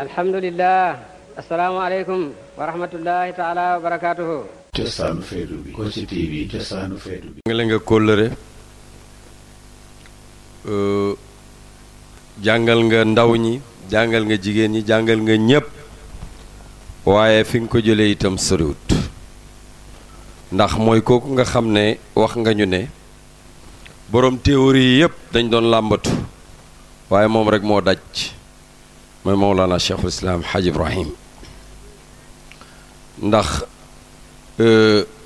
alhamdulilah asalaamaaleykum wa rahmatullahi taala bi la nga kóllëre euh, jàngal nga ndaw ñi jàngal nga jigéen ñi jàngal nga ñépp waaye fi nga ko jëlee itam soriwut ndax mooy kooku nga xam ne wax nga ñu ne boroom yi yépp dañ doon làmbatu waaye moom rekk moo daj mooy Mawlana Cheikhul Islam Hadj Ibrahim ndax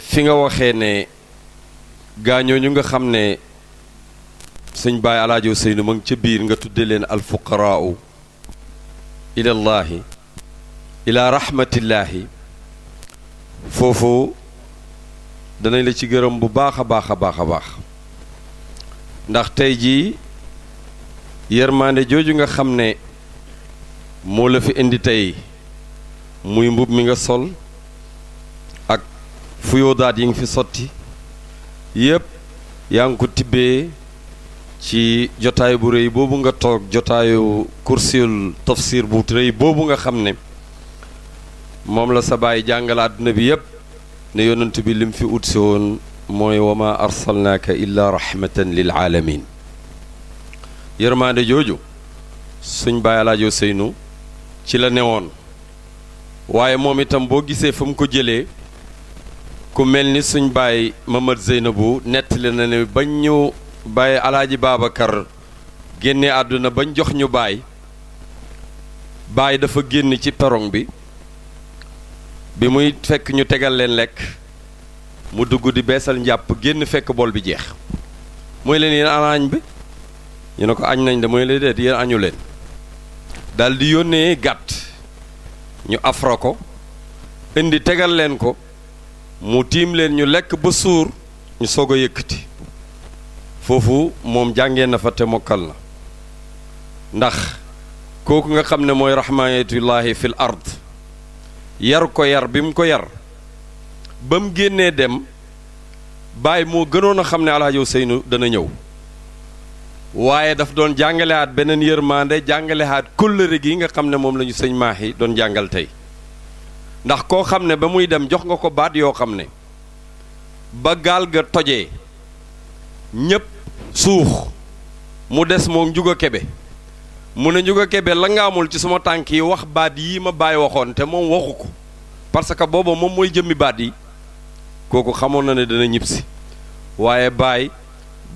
fi nga waxee ne gaañoo ñu nga xam ne sëñ Baye Alaaji Seynu ma ngi ca biir nga tudde leen alfuqaraau ilallaahi ila rahmatillaahi foofu danañ la ci gërëm bu baax a baax a baax ndax tey jii yërmaande jooju nga xam moo la fi indi tey muy mbub mi nga sol ak fuyoodaat yi nga fi sotti yépp yaa ngi ko tibbee ci jotaay bu rëy boobu nga toog jotaayu kursiyul tafsir bu rëy boobu nga xamne mom la sa baye jangalat nabi yeb ne yonent bi lim fi ut won moy wama arsalnaka illa rahmatan lil alamin yermande jojo suñ baay alaajoo seynou ci la ne woon waaye moom itam boo gisee fa mu ko jëlee ku mel ni suñ baay Mamad Zeynabu nettali na ne bañ ñu bàyyi alaaji Babacar génne àdduna bañ jox ñu baay baay dafa génn ci perong bi bi muy fekk ñu tegal leen lekk mu dugg di beesal njàpp génn fekk bool bi jeex mooy leen yéen ana bi ñu ne ko añ nañ de mooy leen déet yéen añu leen daldi yónnee gàtt ñu afra ko indi tegal leen ko mu tiim leen ñu lekk ba suur ñu soog a yëkkati foofu moom jàngee na fa te mokkal na ndax kooku nga xam ne mooy rahmaatullahi fil ard yar ko yar bi mu ko yar ba mu génnee dem baay moo gënoon a xam ne alaaji Ousseynou dana ñëw waaye daf doon jàngalehaat beneen yërmande jàngalehaat kóllëre gi nga xam ne moom la ñu sëñ yi doon jàngal tey ndax koo xam ne ba muy dem jox nga ko baat yoo xam ne ba gaal ga tojee ñépp suux mu des moom juga kebe mu ne juga kebe la nga amul ci suma tànk yi wax baat yi ma bàyyi waxoon te moom waxu ko parce que booba moom mooy jëmmi baat yi kooku xamoon na ne dana ñibbisi waaye baay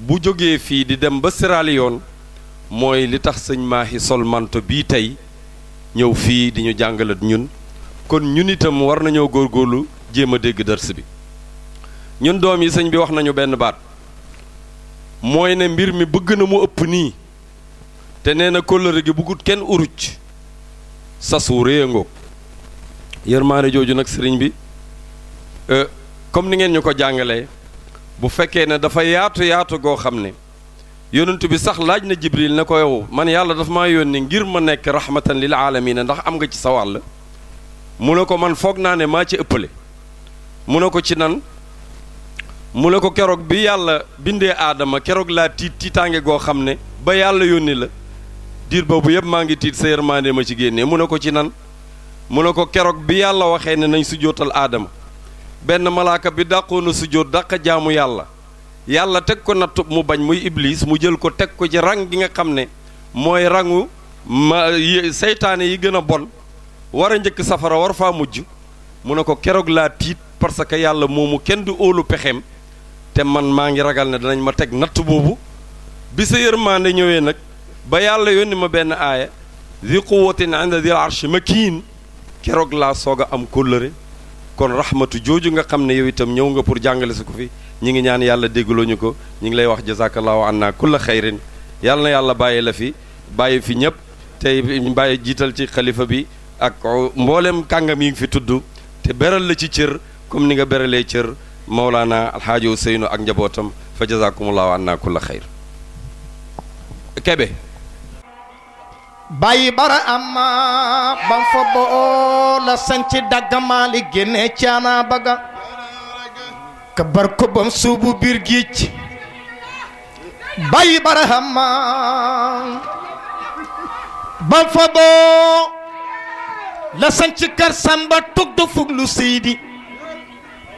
bu jógee fii di dem ba Sierra Leone mooy li tax sëñ Mahi sol manto bii tey ñëw fii di ñu jàngalat ñun kon ñun itam war nañoo góorlu jéem a dégg dars bi ñun doom yi sëñ bi wax nañu benn baat mooy ne mbir mi bëgg na mu ëpp nii te nee na kóllëre gi bëggut kenn uruj sas wu rëy a ngoog yërmaane jooju nag sëriñ bi euh, comme ni ngeen ñu ko jàngalee bu fekke ne dafa yaatu yaatu go xamne ne yonent bi sax laaj na jibril nako yow man yàlla daf ma yónni ngir ma nek rahmatan lil alamin ndax am nga ci sawal wàll mu ne man foog naa ne maa ci eppele mu ne ci nan mu ne ko bi yàlla binde adama keroog la tit titange go xamne ba yàlla yónni la dir bobu yeb maa ngi tiit ma ci genné mu ci nan mu ne bi yàlla waxé ne nañ sujjootal adama benn malaaka bi dàqoona sujjóot dàq jaamu yàlla yàlla teg ko natt mu bañ muy iblis mu jël ko teg ko ci rang gi nga xam ne mooy rangu ma seytaane yi gën a bon war a njëkk safara war faa mujj mu ne ko keroog laa tiit parce que yàlla moomu kenn du óolu pexeem te man maa ngi ragal ne danañ ma teg natt boobu bi sa yërmaande ñëwee nag ba yàlla yónni ma benn aaya di quwwatin inda dil arshi makiin keroog laa soog a am kóllëre kon rahmatu jooju nga xam ne yow itam ñëw nga pour jàngale sa ko fi ñi ngi ñaan yàlla déggloo ko ñi ngi lay wax jazakallahu anna kulla xayrin yàlla na yàlla bàyyi la fi bàyyi fi ñëpp tey bàyyi jiital ci xalifa bi ak mboolem kàngam yi ngi fi tudd te beral la ci cër comme ni nga beralee cër Mawlana Alxaaji Useynu ak njabootam fa jazakumullahu naa kulla xayr Kebe bàyyi bara amma bam fa boo la sanci daggamaali génne caana baga ka bar suubu biir géej bara amma bam fa boo la sanci kër samba tug du fug lu siidi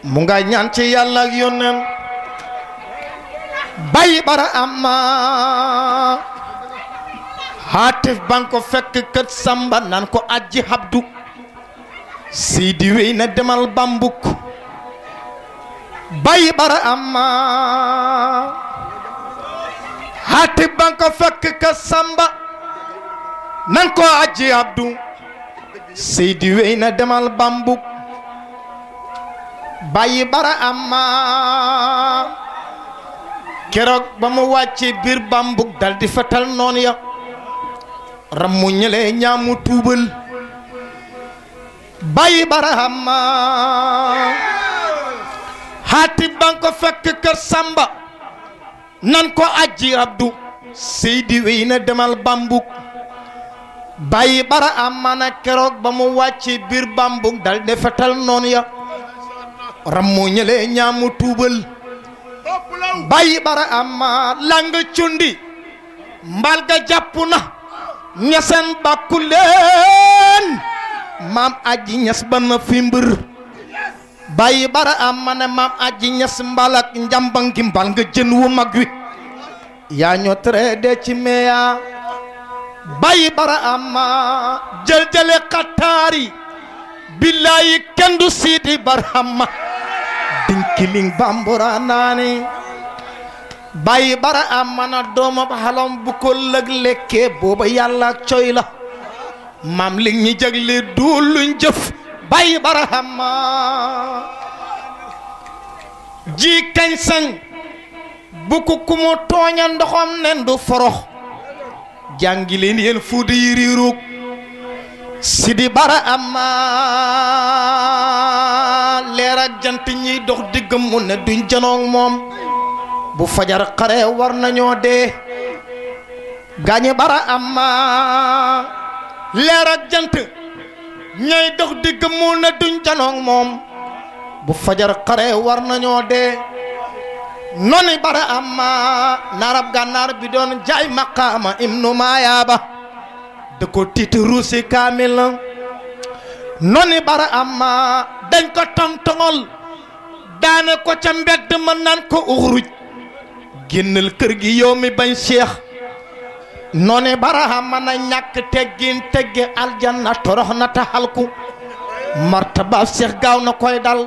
mu nga ñaan ci yàlla ak yónneen bara amma haatif ban ko fekk kët samba nan ko ajji habdu seydi wey na demal bambuk bàyyi bara amma haatif ban ko fekk kët samba nan ko ajji habdu seydi wey na demal bambuk bay bara amma keroog ba mu wàcce biir bambuk dal di fetal noon ya rammu ñële ñaamu tuubal bàyyi barahama xaati ban ko fekk kër sàmba nan ko ajji abdu seydi wey na demal bambuk bàyyi barahama na keroog ba mu wàcce biir bambuk dal de fetal noon ya rammu ñële ñaamu tuubal bàyyi barahama lang cundi mbal ga jàpp na ñasan bàkku leen maam aji ñas ba na fi mbër bàyyi bara am ma ne maam aji ñas mbal ak njàmba ngi mbal nga jën wu mag wi yaa ñoo traité ci meya bàyyi bara am ma jël jële xataari billaayi kenn du siidi bara am ma dinkiling bambura naani bàyyi bara am man a doomam xalam bu lëg lekkee booba yàlla coy la maam li ñi jagle duul luñ jëf bàyyi bara am ma ji kañ sang ko ku mu tooña ndoxam nen du forox jàngi leen yéen fuuta yi riiruug sidi bara am ma leer jant ñiy dox diggam mu ne duñ janoog moom bu fajar xare war nañoo dee gaañe bara amma leer ak jant dox digg muul na duñ janoog moom bu fajar xare war nañoo dee noni bara amma narab gànnaar bi doon jaay maqaama ibnu maayaaba da ko tiiti ruusi kaamil noni bara amma dañ ko tontoŋol daane ko ca mbedd mën naan ko uxruj génnal kër gi yow mi bañ seex noone baraha mën a ñàkk teggin tegge aljanna torox na taxalku martabaab seex gaaw na koy dal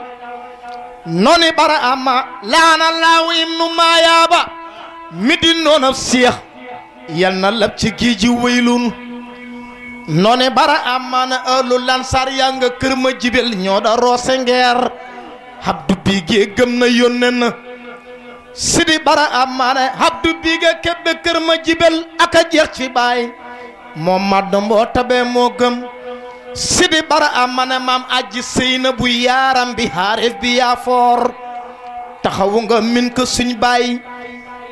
noone baraha ma laana laaw ibnu maayaaba mi di noonab seex yal na lab gii ji wéylun noone baraha maana ëllu lansar yaa nga kër ma jibel ñoo da roose ngeer habdu bi gee gëm na yónne na sidi bara am maane habdu biiga kër ma jibel aka jeex ci baay moom maddo mboo tabee moo gëm sidi bara am maane maam aji seyna bu yaaram bi xaarif bi yaa taxawu nga min ko suñ baay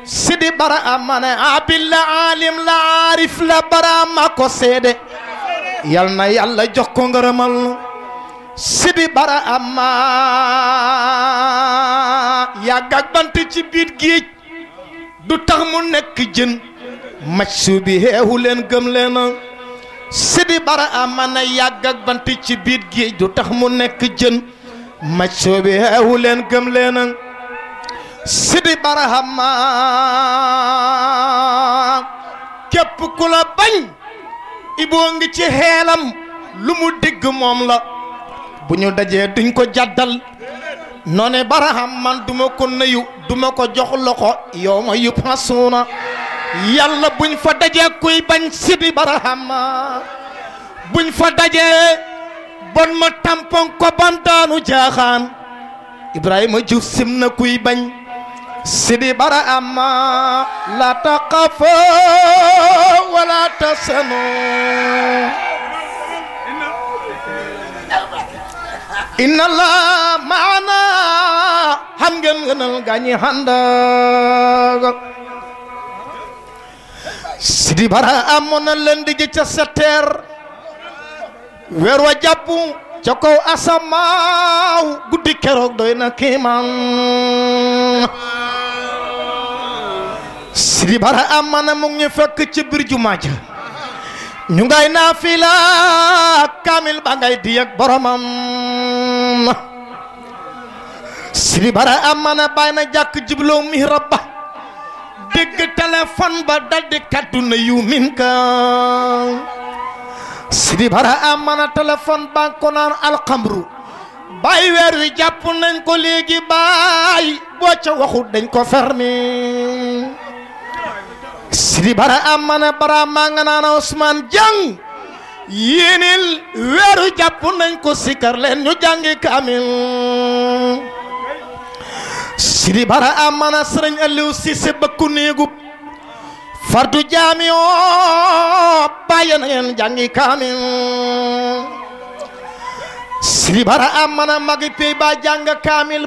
sidi bara am maane aalim la aarif la bara ma ko seede yal na yàlla jox ko ngërëmal sidi bara amma yàgg ak bant ci biir géej du tax mu nekk jën maj su bi xeexu leen gëm leen sidi amma na yàgg ak ci biir géej du tax mu nekk jën maj su bi xeexu leen gëm leen sidi bara amma képp ku la bañ iboo ngi ci xeelam lu mu digg moom la bu ñu dajee duñ ko jàddal noone baraham man duma ko nuyu duma ko jox loxo yow ma yub xasuuna yàlla buñ fa dajee kuy bañ sidi barahama buñ fa dajee bon ma tampon ko bam daanu jaaxaan ibrahima juuf sim na kuy bañ sidi barahama la taqafa wala tasanu inna la maana xam ngeen ngënal gaañi xàndaga sidi bara amoon na leen di ca setteer weer wa jàpp ca kaw asamaaw guddi keroog doy na kiimaan sidi bara amoon na mu ngi fekk ci biir jumaa ñu ngay naafila kaamil ba ngay di ak boromam sidi bara amana bàyyi na jàkk jibloo mihrab ba dégg téléphone ba daldi kàddu na yu min ka sidi bara amana ba ko alxamru bàyyi weer wi jàpp nañ ko léegi bàyyi boo ca waxut dañ ko fermi Bara amana bara mangana Osman Jang Yenil Weru Japun nañ ko sikar leen jangi kami. Sri bara amana sering Elu Sisi bëkku néegu fardu Jami O Bayan na Jangi jàngi Sri Bara amana magi pey ba kami kaamil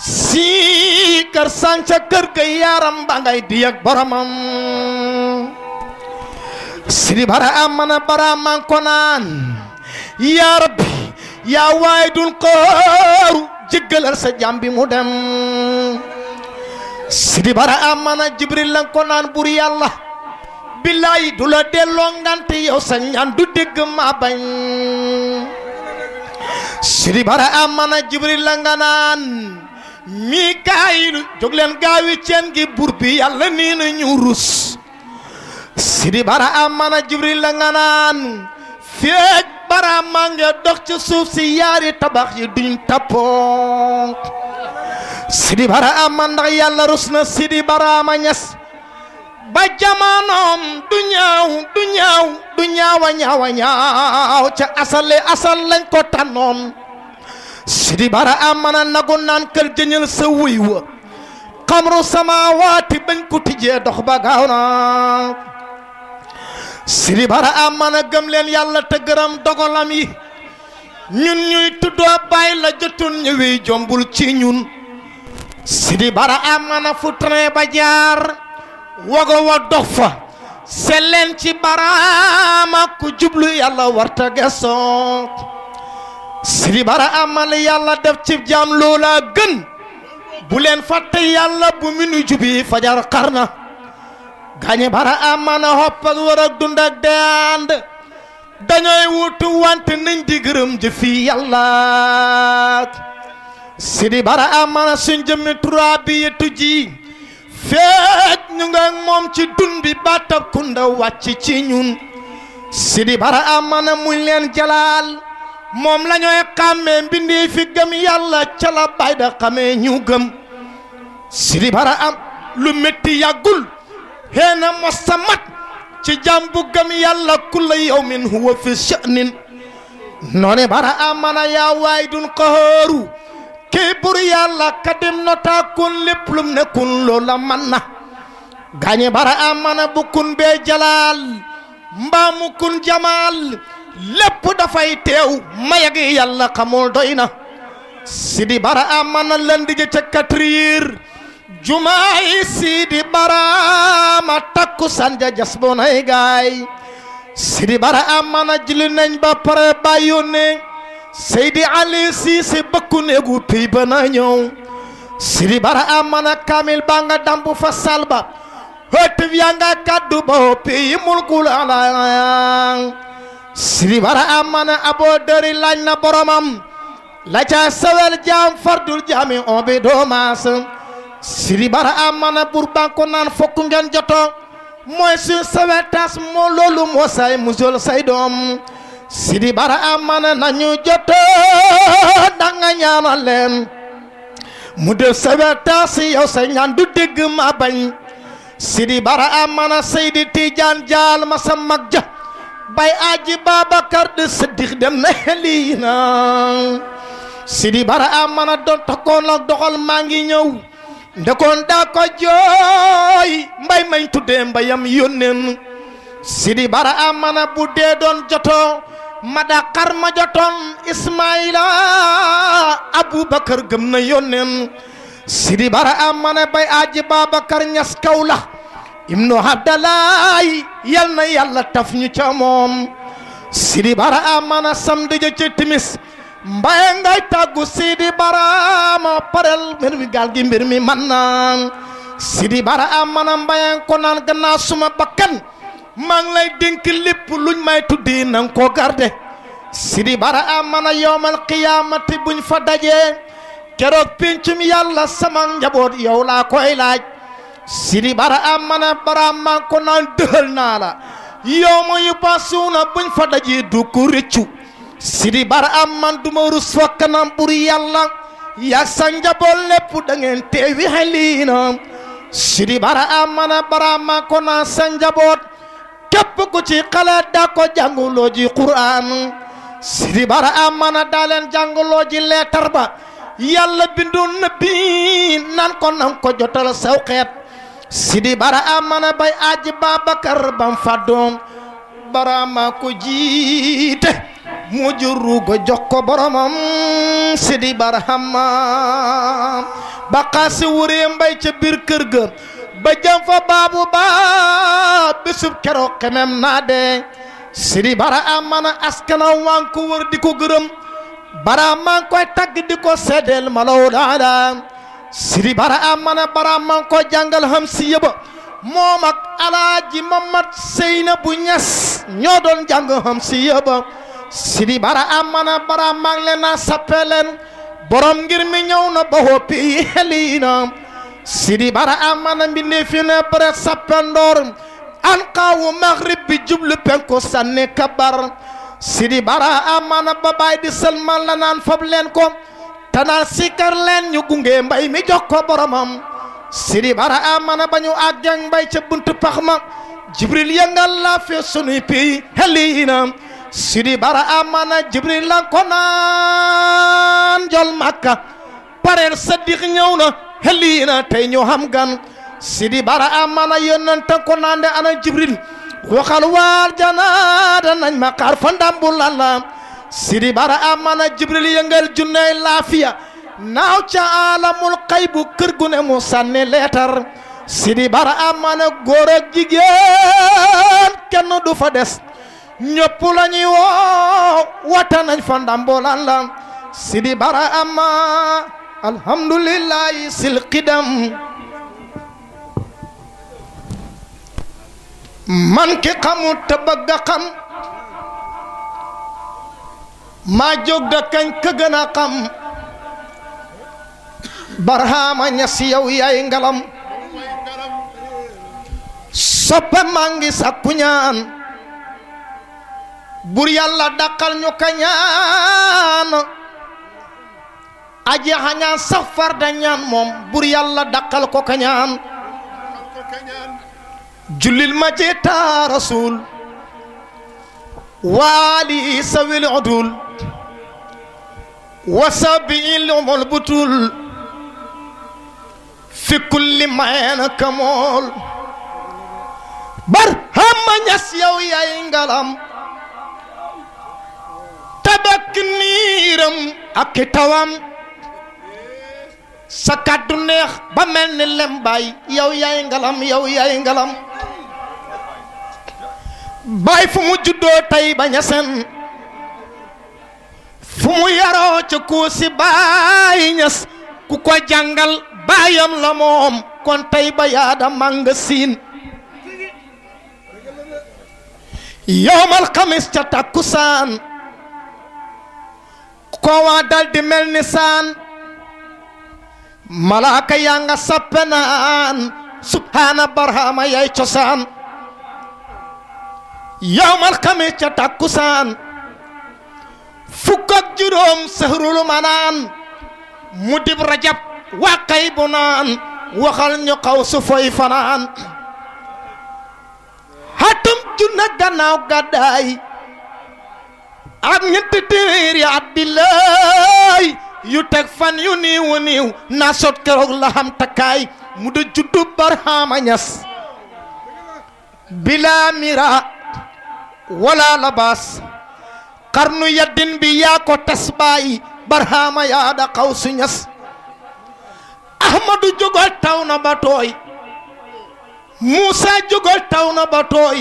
Si cakar gaya rambang gai diak baramam Sri bara amana bara mangkonan Ya Rabbi Ya Waidul koru jeggalar sa jambi mudam Sri bara amana Jibril langkonan buri Allah Billahi dula dello nanti yow sa ñaan du ma bañ Sri bara amana Jibril langanan mikaayilu jóg leen gaawi ceen gi bur bi yàlla nii na ñu rus sidi bara am mana jibril la nga naan féej bara maa dox ci suuf si yaari tabax yi duñ tappoo sidi bara am ma ndax yàlla rus na sidi bara ma ñes ba jamanoom du ñaaw du ñaaw ñaaw ca asal asal lañ ko tànnoon sidi bara amana nagu naan kër jëñal sa wuy wa xamru samaawaati bañ ko tijjee dox ba gaaw na sidi bara amana gëm leen yàlla te gërëm dogalam yi ñun ñuy tuddoo bàyyi la jotoon ñëwee jombul ci ñun sidi bara amana fu train ba jaar wa dox fa selleen ci baraama ku jublu yàlla warta gesoo Sëriñ Bara amal yàlla def ci jaam loola gën bu leen fàtte yàlla bu mu nu jubi fajar xar na gaañe bara amana hopp ak war ak dund ak dee ànd wutu wante nañ di gërëm jëfi yàlla Sëriñ Bara amana suñ jëmmi trois bi yëttu ji feej ñu nga moom ci dun bi baatab kunda wàcc ci ñun Sëriñ Bara amana muñ leen jalaal moom la ñooy xàmmee mbindee fi gëm yàlla ca la bay da bara am lu métti yàggul xeena mosta mat ci jàm bu gëm yàlla kulla yawmin huwa fi sha'nin noone bara am mana yaa waay dun xahóoru kii bur yàlla kadim notaa kun lépp ne kun loola man na gaañe bara am mana bu bee jalaal mbaamu kun jamaal lépp dafay teew mayag yàlla xamul doy na sidi bara amana lënd ja ca katriir jumaay sidi bara ma takku sanja jas gaay sidi bara amana jili nañ ba pare bàyyu ne seydi ali siise bëkku néegu pey ba na ñëw sidi bara amana kaamil baa nga dambu fa salba hëtëf yaa nga kàddu ba hoppi yi mulkul alaang siri bara amma na dëri laaj na boromam la ca jaam fardul jaami on bi doomaas siri bara amma naan fokk ngeen joto mooy suñ sawel taas moo loolu moo say musol say doom siri bara nañu joto danga ñaanal leen mu def sawel taas yow say ñaan du dégg ma bañ siri bara amma na seydi jaal ma sa mag ja bay aji Babacar de Siddiq dem na xeli Sidi bara a man a doon takkoon doxal maa ngi ñëw ndekoon daa ko jooy mbay mañ tuddee mbayam yónneen Sidi bara a man a bu doon jotoo ma daa xar ma jotoon Ismaila Aboubacar gëm na yónneen Sidi bara a man a bay aji Babacar ñas kaw la ibnu abdalaay yal na yàlla taf ñu ca moom sidi baraama na samedi ja ci timis mbaye ngay tàggu sidi baraama parel mbir mi gaal gi mbir mi man naan sidi baraama na mbaye ko naan gannaa suma bakkan lay dénk lépp luñ may tuddi na nga ko garde sidi baraama na yowmal qiyaamati buñ fa dajee keroog pencum yàlla sama njaboot yow laa koy laaj sidi bara am mana bara am man ko naan dëxal naa la yow yu basuuna buñ fa dajee du ko rëccu sidi bara am man du rus fa kanam bur yàlla yaa sa njaboot lépp teewi xeliina sidi bara am mana bara man ko naan sa njaboot képp ku ci ko jànguloo ji quraan sidi bara am mana daa leen leetar ba yàlla bindoon na bi naan ko nan ko jotal saw sidi bara amana bay aji Babacar bam faddoon barama ko jiite mu jurugo jox ko boromam sidi barahama baqaasi wuree mbay ca biir kër ga ba jëm fa baabu ba bisub keroog xemem naa de sidi bara amana askana wan ko wër di ko gërëm bara man koy tagg di ko seddeel malaw daala siri bara am mana bara am jàngal xam si yëba moom ak alaaji mamat seyna bu ñas ñoo doon jàng xam si yëba siri bara am mana bara am man naa sappe leen borom ngir mi ñëw na ba hoppi yi heliinam sidi bara amana mbinde fi ne bare sappendoor an qaawu maghrib bi jublu penku sanni kabar sidi bara amana babaay di sëlman la naan fab leen ko tanaa sikkar leen ñu gunge mbay mi jox ko boromam siri bara amana ba ñu àgg mbay ca buntu pax ma jibril yëngal la fee sunuy pii heliinam siri bara amana jibril la ko naan makka pareel saddiq ñëw na heliina tey ñu xam gan sidi bara amana yónnante ko naan de ana jibril waxal waar janaada nañ ma fa ndambul la sidi bara amana jibril yëngal junney laafiya naaw ca alamul xaybu kër gu ne mu sànni leetar sidi bara amana góor ak jigéen kenn du fa des ñëpp la ñuy woo wata nañ fa ndambolan la sidi bara ama alhamdulillahi sil qidam man ki xamut te bëgg Maju jog da kañ ka gëna xam barhama ñass yow yaay ngalam soppe ma ngi sakku ñaan bur yalla dakal ñu ka ñaan aji hanya safar da ñaan mom bur yalla dakal ko ka ñaan julil ma ci rasul wali sawil udul وسبع لهم البطول في كل معنى كمول برهم نس يو يا انغلام تبك نيرم اكتوام sa kàddu neex ba mel ni lembaay yow yaay ngalam yow yaay ngalam baay fu mu juddoo tey ba ña fu mu yaroo ca kuusi baay ñas ku ko jàngal baayam la moom kon tey ba yaada mànga siin yowmal xamis ca takkusaan koowaa dal di mel ni saan malaaka yaa nga sappe naan subhaana barhama yay cosaan yowmal xamis ca takkusaan Fukak jurum juróom manan mudib rajab wakai bu wakal nyokau sufai fanan hatum juna fanaan gadai junna gannaaw gàddaay yu fan yu niiwu nasot naa sot takai, la xam takkaay mu bila mira wala labas. xarnu yaddin bi yaa ko tasbaayi barhaama yaa da xaw si ahmadu jógal taw na ba tooy muusa jógal taw na ba tooy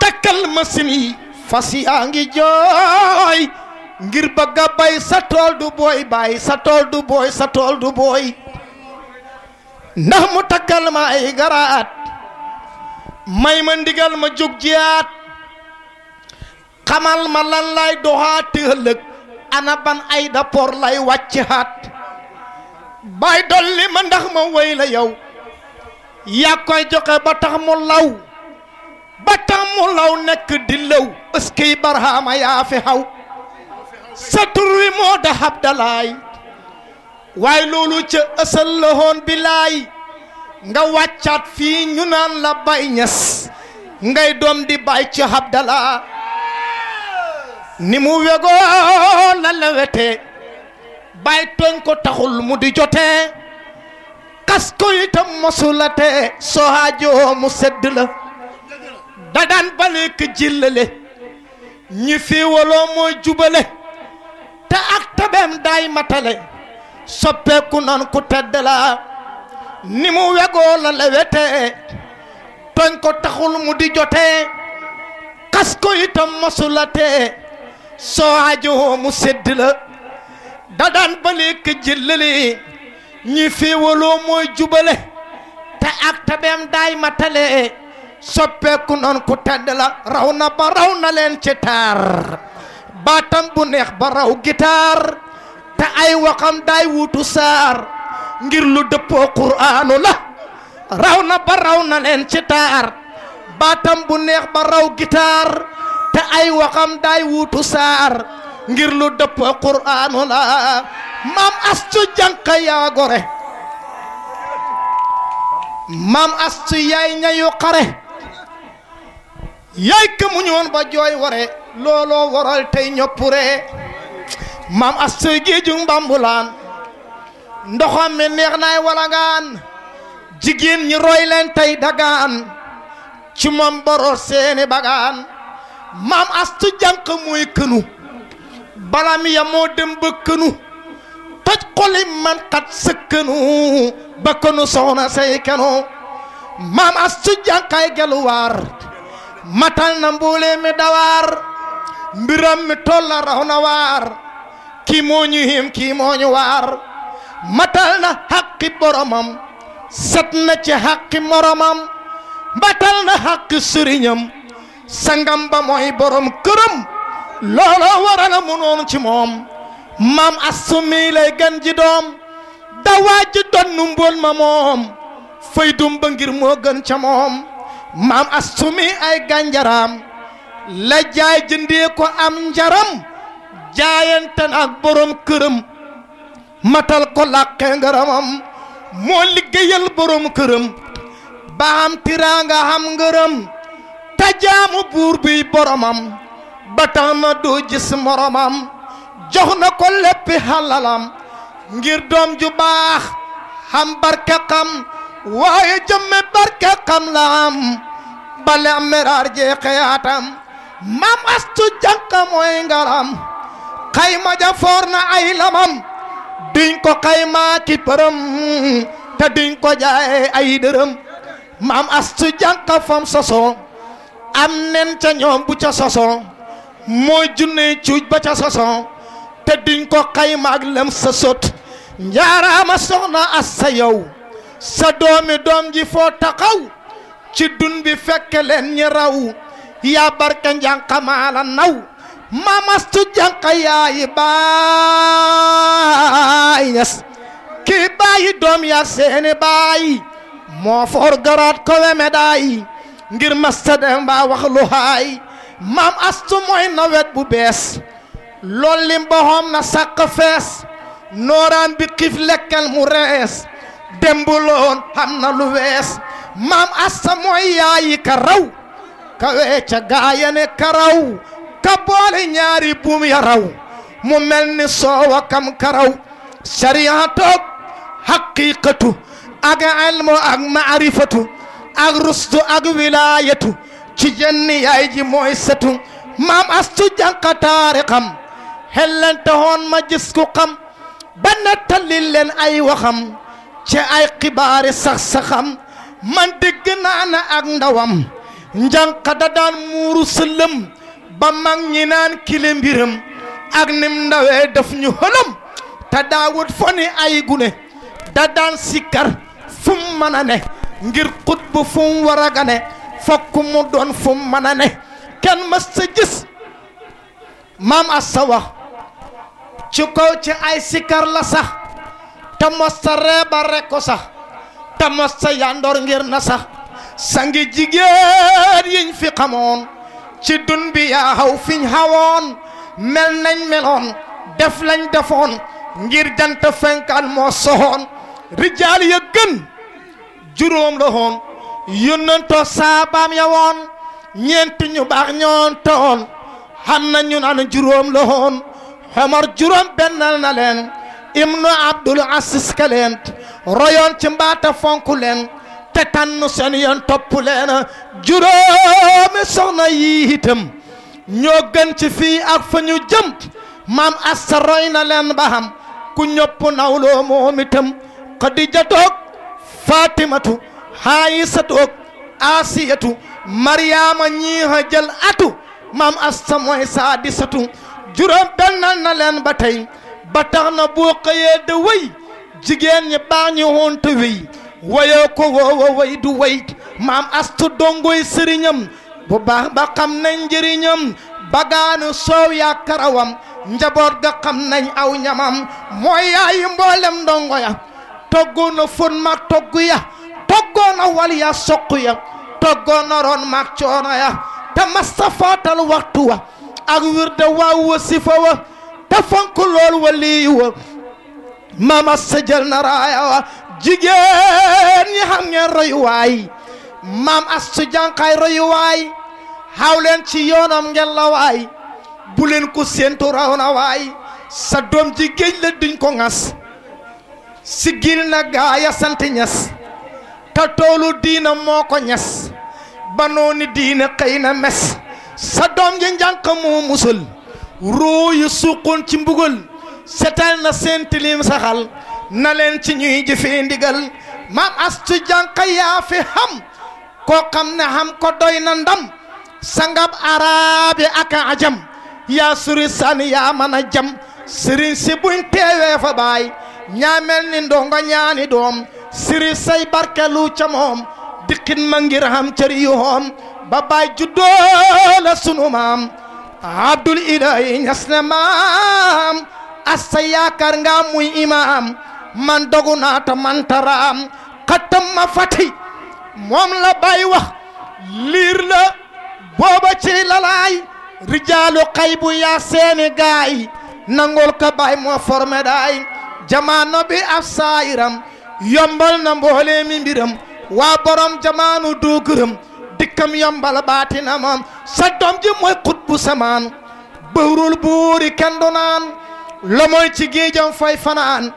takkal masin yi fas yaa ngi jooy ngir bëgg a sa tool du booy bay sa tool du booy sa tool du booy ndax mu takkal ma ay garaat may ma ndigal ma jóg jiyaat xamal ma lan lay doxaati ëllëg ana ban ay rapport lay wàcc xaat bay dolli ma ndax ma wéy la yow yaa koy joxe ba tax mu law ba tax mu law nekk di law ëskey barhaama yaa fi xaw sa tur wi moo da Abdalaay waaye loolu ca ësal la hoon bi laay nga wàccaat fii ñu naan la bay ñes ngay doom di bay ci Abdalaa ni mu wegoo la lewete tooñ ko taxul mu di jotee kas ko itam mosulate soo haajoo sedd la da daan baleek jillale ñi fii waloo mooy jubale te ak tabeem daay matale soppeeku noon ku tedd la ni mu wegoo la tooñ ko taxul mu di jotee kas ko itam mosulate soo ajoo mu sedd la da daan baleek jëllale ñi féewaloo mooy jubale te ak tabeem daay matale soppeeku noon ku tedd la raw na ba raw na leen ci taar baatam bu neex ba raw gitaar te ay waxam daay wuutu saar ngir lu dëppoo quraanu la raw na ba raw na leen ci taar baatam bu neex ba raw gitaar te ay waxam day wuutu saar ngir lu dëpp quraanu la maam astu jànq yaa gore maam astu yaay ñayu xare yaay ka mu ba jooy ware looloo waral tey ñoppure maam astu géeju mbambulaan ndoxam neex naay walangaan jigéen ñi roy tey dagaan ci moom seeni bagaan maam astu jànq mooy kënu balam ya moo dem ba kënu toj xoli man xat sëkkënu ba kënu soxna say kenu maam astu jànqay geluwaar matal na mbuule mi dawaar mbiram mi tolla raw na waar kii moo ñu him kii moo ñu matal na xaqi boromam set na ci xaqi moromam matal na xaqi sëriñam sangam ba mooy borom këram looloo waral a munoon ci moom maam astu lay gan ji doom dawaa ji ma moom fay dum ngir moo gën ca moom maam astu mi ay gànjaraam la jaay jëndee ko am njaram jaayante ak borom këram matal ko làqee ngaramam moo liggéeyal borom këram ba am tiraanga am ngërëm tajaamu buur bi boromam ba tax na du gis moromam jox na ko léppi xalalam ngir doom ju baax xam barke xam waaye jëmme barke xam la bale am meraar jee xeyaatam maam astu jànka mooy ngaram xayma ja foor na ay lamam duñ ko xaymaa ki përëm te duñ ko jaaye ay dërëm maam astu jànka fam soso am nen ca ñoom bu ca soso mooy junne cuuj ba ca soso te duñ ko xayma ak lem sa sot njaaraama soxna as sa yow sa doomi doom ji foo taxaw ci dun bi fekke leen ñi raw yaa barke njànqamaa la naw mamastu jànqa yaayi baay ñes kii bàyyi doom yaa seeni baay moo foor garaat ko we medaayi ngir mastadin mbaa wax lu hay mam astu moy nawet bu bes lol lim boxoom na sak fess noran bi kif lekkal mu res dembulon amna lu wees mam asta moy yaayi ka raw ka weeca gaayane ka raw ka boole ñaari bum ya raw mu melni so wakam ka raw sariya toog ak ilmu ak ak rusdu ak wilaayatu ci jenni yaay ji mooy setu maam astu jànqa taarixam xellente hoon ma gis ku ba nettali leen ay waxam ci ay xibaari sax-saxam man dégg naa na ak ndawam njànqa da daan muuru ba mag ñi naan kile mbiram ak nim ndawee daf ñu xëlëm te daawut foni ay gune da daan sikkar fu mu mën a ne ngir xutbu fu mu war a gane fokk mu doon fu mën a ne kenn mas sa gis maam as sa wax ci kaw ci ay sikar la sax te mos sa reeba rek ko sax te mos sa yandoor ngir na sax sangi jigéen yiñ fi xamoon ci dun bi yaa xaw fiñ xawoon mel nañ meloon def lañ defoon ngir jant fenkaan moo soxoon rijaal ya gën juróom la woon yónnantoo saabaam ya woon ñeent baax ñoon toon xam na juróom la woon juróom bennal na leen ibnu Abdul Asis ka royoon ci mbaata fonk leen te tànn seen yoon topp leen juróomi soxna yi itam ñoo gën ci fii ñu jëm maam Assa roy na leen ba xam ku ñëpp nawloo moom itam Xadija toog fatimatu haayisatu ak asiyatu mariama ñii jël atu maam asta mooy saadisatu juróom bennal na leen ba tey ba tax na boo xëyee da wëy jigéen ñi baax ñi honte wéy wayoo ko woowa way du way maam astu dongoy sëriñam bu baax ba xam nañ njëriñam bagaanu soow yaa karawam njaboot ga xam nañ aw ñamam mooy yaayu mboolem ndongo ya toggoona fon maag togg ya toggoona wal ya soq ya toggoona ron maag coono ya te mastafaatal waxtu wa ak wirde waaw wa sifa wa te fonk lool wa lii wa maam astu jànqaay royuwaay ci yoonam ngeen la waay bu leen ko séentu raw na sa doom ji géej la duñ ko ŋas siggil na gaaya sant ñas te toolu diina moo ko ñas banoo ni diina xëy mes sa doom ji njànq moo musal ruu yu ci mbugal setal na seen tilim saxal na leen ci ñuy jëfee ndigal maam astu jànq yaa fi xam koo xam ne xam ko doy na ndam sangab araabi ak ajam yaa suri san yaa mën a jam sëriñ si buñ teewee fa baay ñaamel ni ndongo ñaani doom siri say barkelu ca moom dikkin ma ngir xam cëri ba baay juddoo la sunu abdul ilahi ñas maam assa yaakaar nga muy imaam man dogu naa ta man taraam fati moom la baay wax liir booba ci lalaay rijaalu xay yaa seeni gaay nangool ka baay moo formé jamaano bi ab saayiram yombal na mboolee mi mbiram waa borom jamaanu duuguram dikkam yombal baatinamam sa ji mooy xutbu samaan bëwrul buuri kenn lomoy ci géejam fay fanaan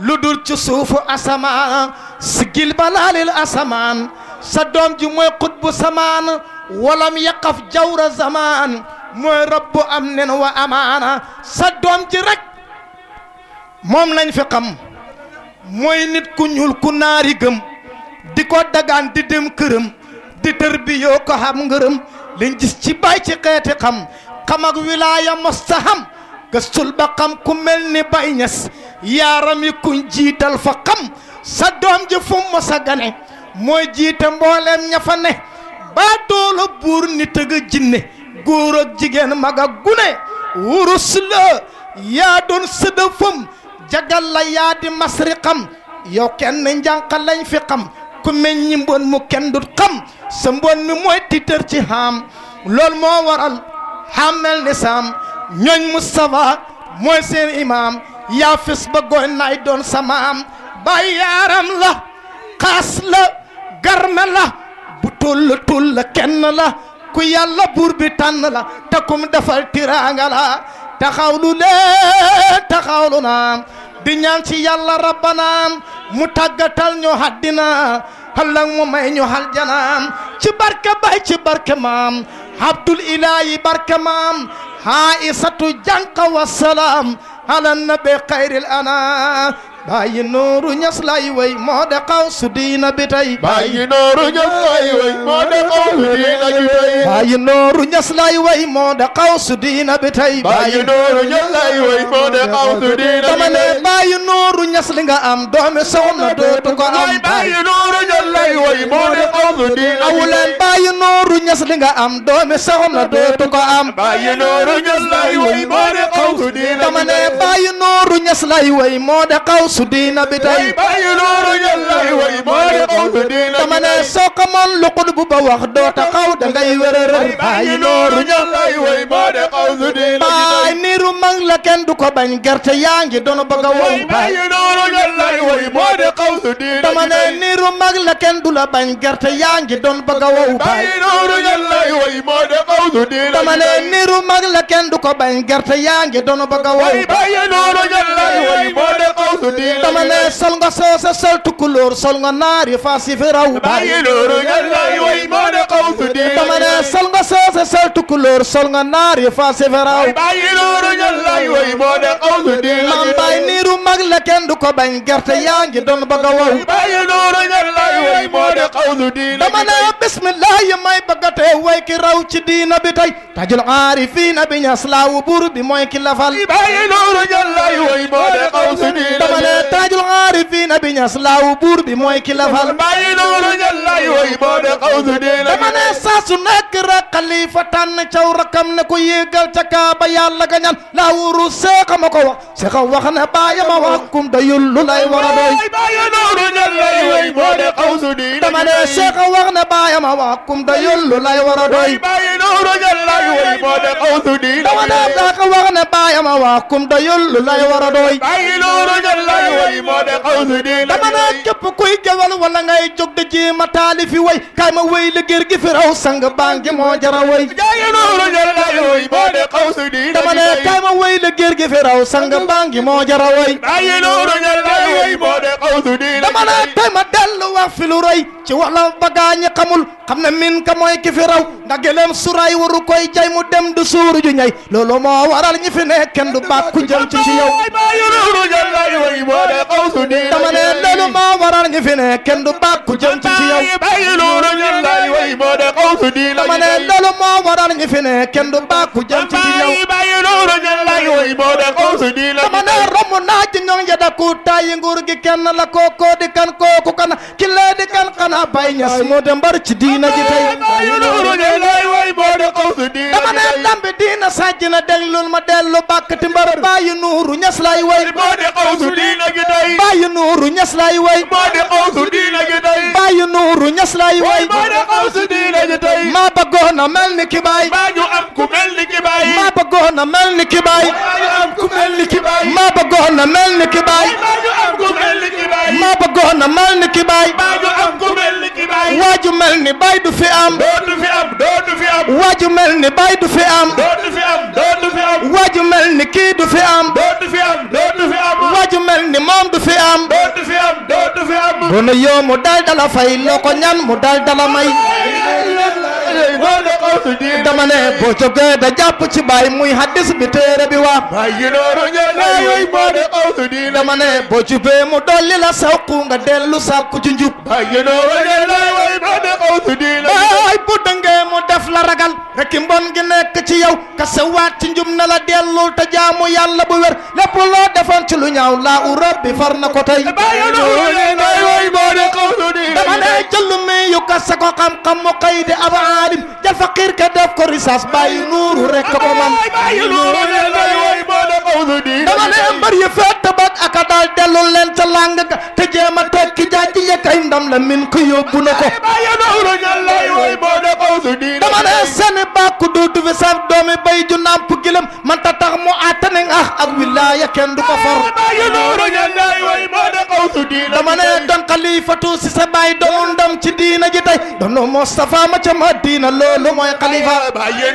lu dul ci suufu balaalil asamaan sa ji mooy xutbu samaan walam yaqaf jawra zamaan mooy rabbu am nen wa amaana sa ji rek moom lañ fi xam mooy nit ku ñuul ku naari gëm di ko dagaan di dem këram di tër bi yoo ko xam ngërëm liñ gis ci bay ci xeeti xam xam ak wilaaya mosta xam gëstul ba xam ku mel ni bay ñes yaaram yi kuñ jiital fa xam sa doom ji fu mu gane mooy jiite mbooleem ña fa ne baa doolo buur nit ak jinne jigéen mag gune wurus la yaa doon sëdëfam jagal la yaa di masriqam yow kenn njànqa lañ fi xam ku meññi mboon mu kenn dut xam sa mboon mi mooy tiitër ci moo waral xammel ni saam ñooñ Moustapha mooy seen imaam yaa fis ba gooy naay doon samaam bày yaaram la xaas la garna la bu tull tull kenn la ku yàlla buur tànn la te kum defal la taxawlu leen taxawlu naa di ñaan ci yàlla rabbana mu tàggatal ñu haddina hallan mu may ñu haljana ci barke bay ci barke maam abdul ilaahi barke maam haa isatu janqa wassalaam ala nabi xayril anam bàyyi nooru ñas lay way moo de dama ne bàyyi nooru ñas li nga am ñas li nga am doomi soxna dootu ko am su diina bi tey bàyyi loolu yàlla way moo di xaw su bu ba wax doota xaw da ngay wërërër bàyyi loolu yàlla way moo di xaw su diina bi tey du ko bañ yaa ngi doon a wow bàyyi loolu yàlla way moo di xaw su diina dama ne niiru mag la kenn du la bañ gerte yaa ngi doon bëgg a wow bàyyi loolu yàlla way moo di xaw su diina dama la kenn du ko yaa ngi doon a dama ne sol nga soose sol tukulóor sol nga naar yi fas yi fi raw bàyyi lóoru ñan lay way moo ne xaw fi di dama ne sol nga soose sol tukulóor sol nga naar yi fas yi fi raw bàyyi lóoru ñan lay way moo ne xaw fi di na kenn du ko bañ gerte yaa ngi doon bëgg a wow. bàyyi nuuru ñan lay way moo di xawlu diina dama ne bismillah yi may bëgg a tee way ki raw ci diina bi tey tajul aarifiina bi ñas laawu buur bi mooy ki lafal. bàyyi nuuru ñan lay way moo di xawlu diina diina dama ne saa nekk rek xalifa tànn caw rakam ne ko yéegal ca kaaba yàlla gañan laawu ru seexa ma ko wax seexa wax na baayama wax kum dayul lu lay war a doy dama ne Cheikh wax na baayam a wax kum dayul lu lay war a doy dama ne Cheikh wax na baayam a wax kum dayul lu lay war a doy dama ne képp kuy jawal wala ngay jóg di way kaay ma way liggéey raw sang baa ngi moo way dama naa tey ma dellu wax fi lu rëy ci wax la bagaañi xamul xam ne min ka mooy ki fi raw ndax gëléem suraay waru koy jay mu dem du suuru ju ñay loolu moo waral ñi fi ne kenn du bàkku jëm ci ci yow dama ne loolu moo waral ñi fi ne kenn du ci ci dama ne loolu naa ji ñoŋ ya dakku la kookoo di diina ji na déglul ma dellu bàkk ti mbar Baay Nuuru Ñas lay way Baay Nuuru Ñas lay way ku ñas laay way maa ne xawsu diine ji tey maa bëggoon a mel ni ki baay maa ñu am ku mel ni ki baay maa bëggoon a mel ni ki baay maa ñu am ku mel ni ki baay maa bëggoon a mel ni ki baay maa ñu am ku mel ni ki baay maa bëggoon a mel ni ki baay maa ñu am ku mel ni ki baay waaju mel ni baay du fi am dootu fi am dootu fi am waaju mel ni baay du fi am dootu fi am dootu fi am waaju mel ni kii du fi am dootu fi am dootu fi am waaju mel ni moom du fi am dootu fi am dootu fi am bu nu yoomu dal dala fay loo ko ñaan mu dal dala may dama ne boo jógee da jàpp ci baay muy hadis bi téere bi wax. dama ne boo jubee mu dolli la sawku nga dellu sàkku ci njub. ay bu dëngee mu def la ragal rek mbon gi nekk ci yow ka sawaat ci njub na la dellul te jaamu yàlla bu wér lépp loo defoon ci lu ñaaw laa u rabbi far na ko tey. dama ne jël yu kase ko xam-xam mu di ab xaadim jal faqir ka def ko risaas bàyyi nuuru rek ko man dama ne mbër yi fett bat aka daal dellu leen ca làng ga te jéem a toog ki jaaji ndam la min ko yóbbu na ko dama ne seeni bàkku duutu fi saf doomi bay ju nàmp gilam man ta tax mu àttane ax ah, ak wilaaya kenn du ko for dama ne don xalifatu sa baay doon ndam ci diina ji tey doon Moustapha ma ca ma di diina loolu mooy xalifa baay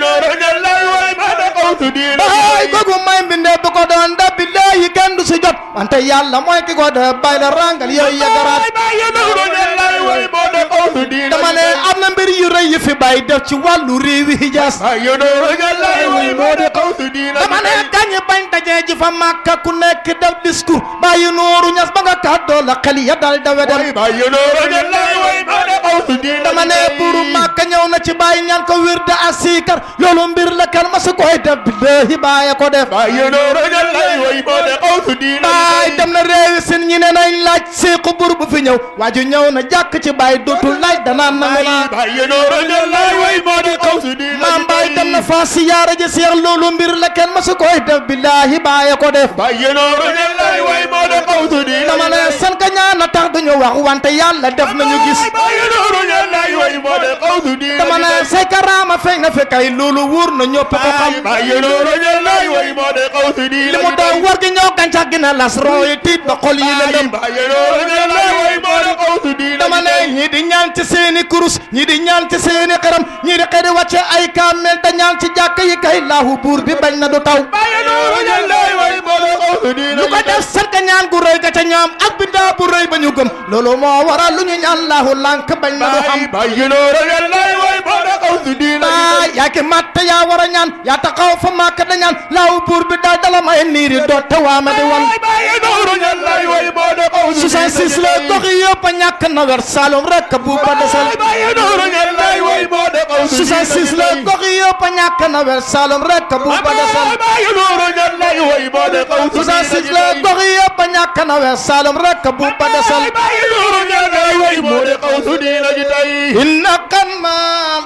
googu may mbindee bu ko doon da billaahi kenn du si jot wante yàlla mooy ki ko da bay la rangal yow ya garaat dama ne am na mbir yu rëy fi bay def ci wàllu réewi hijaas dama ne gañi bañ dajee ji fa màkka ku nekk def discours bàyyi nooru ñas ba nga kàddoo la xel ya dal dawe dem dama ne buuru màkka ñëw na ci ci bàyyi ñaan ko wér da a siikar loolu mbir la kan ma su koy def billaahi bàyyi ko def bàyyi dem na réewi sin ñi ne nañ laaj siiqu bur bu fi ñëw waaju ñëw na jàkk ci bàyyi dootul laaj danaan na mu naa maam bàyyi dem na faa siyaara ji seex loolu mbir la kan ma su koy def billaahi bàyyi ko def dama ne san ka ñaan na tax duñu wax wante yàlla def nañu gis na say karaama feeñ na fekk ay loolu wóor na ñëpp ko xam li mu doon war gi ñëw gi na las rooy tiit ba xol yi la dem dama ne ñii di ñaan ci seeni kurus ñii di ñaan ci seeni xaram ñii di xëy di wàcce ay kaamel te ñaan ci jàkk yi kay laahu buur bi bañ na du taw lu ko def sarka ñaan gu rëy ga ca ñaam ak bindaa bu rëy ba ñu gëm loolu moo waral lu ñu ñaan lànk bañ na du xam yaa ki màtt yaa war a ñaan yaa taxaw fa màkk da ñaan laaw buur bi daal dala may niiri doote waa ma di wan. 66 la gox yëpp a ñàkk na wer Saloum rek bu ba desal. 66 la gox yëpp a ñàkk na wer Saloum rek bu ba desal. 66 la gox yëpp a ñàkk na wer Saloum rek bu ba desal. inna kan maa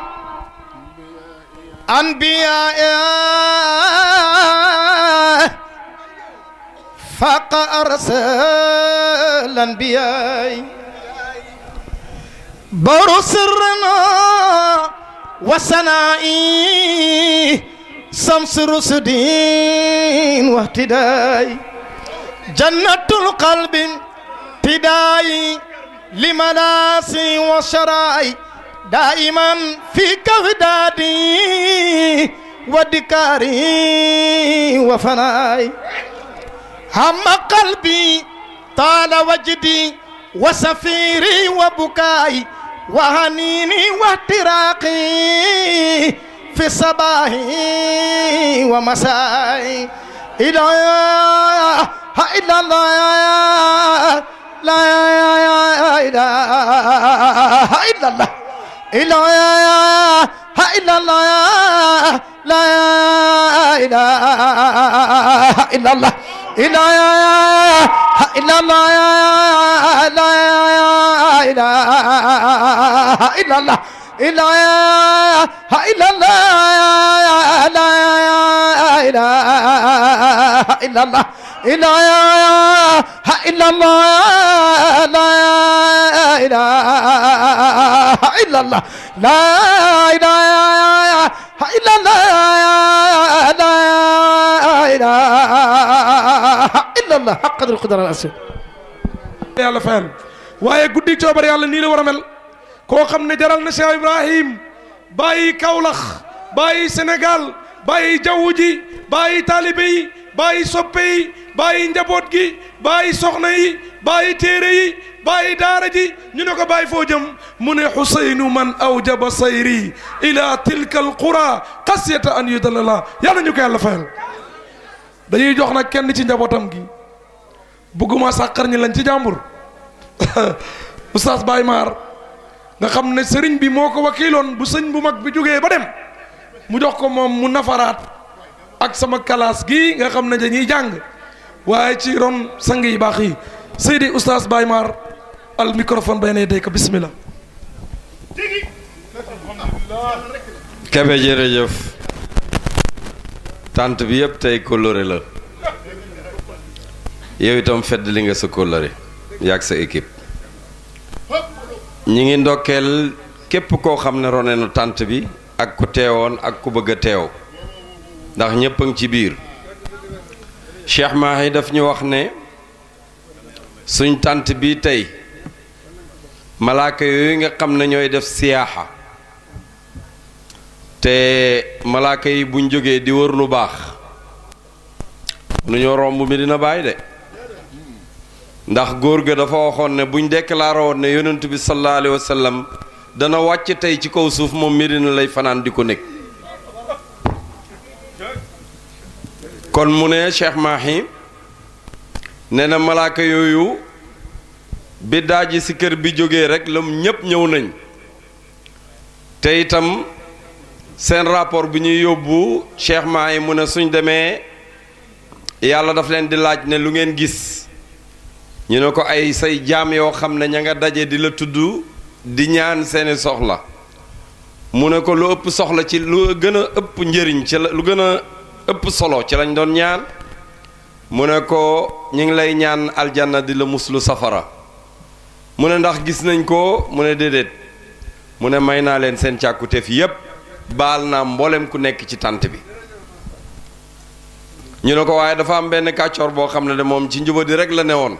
أنبياء ارسل أنبياء بر سرنا وسنائي سمس رسدين واهتداي جنة القلب تداي لملاسي وشرائي دائما في كودادي ودكاري وفناي هم قلبي طال وجدي وسفيري وبكاي وهنيني واحتراقي في صباحي ومسائي إلا إلا الله لا إله إلا الله إله إلا الله لا إله إلا الله إله إلا الله لا إله إلا الله إله إلا الله لا إله إلا الله إلهي إلا الله لا إله إلا الله لا إله إلا الله لا إله إلا الله حق قدر القدر الأسود يا الله فهم وهي قد يتوبر نيل ورمل كو خم نجرال إبراهيم باي كولخ باي سنغال باي جوجي باي طالبي bàyyi soppe yi bàyyi njaboot gi bàyyi soxna yi bàyyi téere yi bàyyi daara ji ñu ne ko bàyyi foo jëm mu ne xusaynu man awjaba sayri ila tilka alqura xasiyata an yudallala yàlla ñu ko yàlla fayal dañuy jox nag kenn ci njabootam gi bugguma sàqar ñi lañ ci jàmbur oustaz Baye Mar nga xam ne sëriñ bi moo ko wakiiloon bu sëñ bu mag bi jógee ba dem mu jox ko moom mu nafaraat ak sama kalaas gi nga xam dañuy jang waye ci rom sang yu yi Seydi Oustaz baymar al microphone bayne nay dëkk bismillah jere jërëjëf tante bi yeb tay coloré la yow itam fedd li nga sa coloré yak sa équipe ñi ngi ndokel kep ko xamne roné na bi ak ku téwon ak ku bëgg a ndax ñëpp a ngi ci biir Cheikh Mahi daf ñu wax ne suñ tànt bi tey malaaka yooyu nga xam ne ñooy def siyaaxa te malaaka yi buñ jógee di wër lu baax nu ñoo romb mi dina bàyyi de ndax góor ga dafa waxoon ne buñ déclaré woon ne yonent bi sallallahu alayhi wa sallam dana wàcc tey ci kaw suuf moom Medina lay fanaan di ko nekk kon mu ne Cheikh Mahi nee na malaaka yooyu bi daaji si kër bi jógee rek lam ñépp ñëw nañ te itam seen rapport bi ñuy yóbbu Cheikh Mahi mu ne suñ demee yàlla daf leen di laaj ne lu ngeen gis ñu ne ko ay say jaam yoo xam ne ña nga daje di la tudd di ñaan seeni soxla mu ne ko lu ëpp soxla ci lu gën ëpp njëriñ lu gën a ëpp solo ci lañ doon ñaan mu ne ko ñu ngi lay ñaan aljana di la muslu safara mu ne ndax gis nañ ko mu ne déedéet mu ne may naa leen seen càkkute fi yépp baal naa mboolem ku nekk ci tànt bi ñu ne ko waaye dafa am benn kàccoor boo xam ne de moom ci njuba di rek la ne woon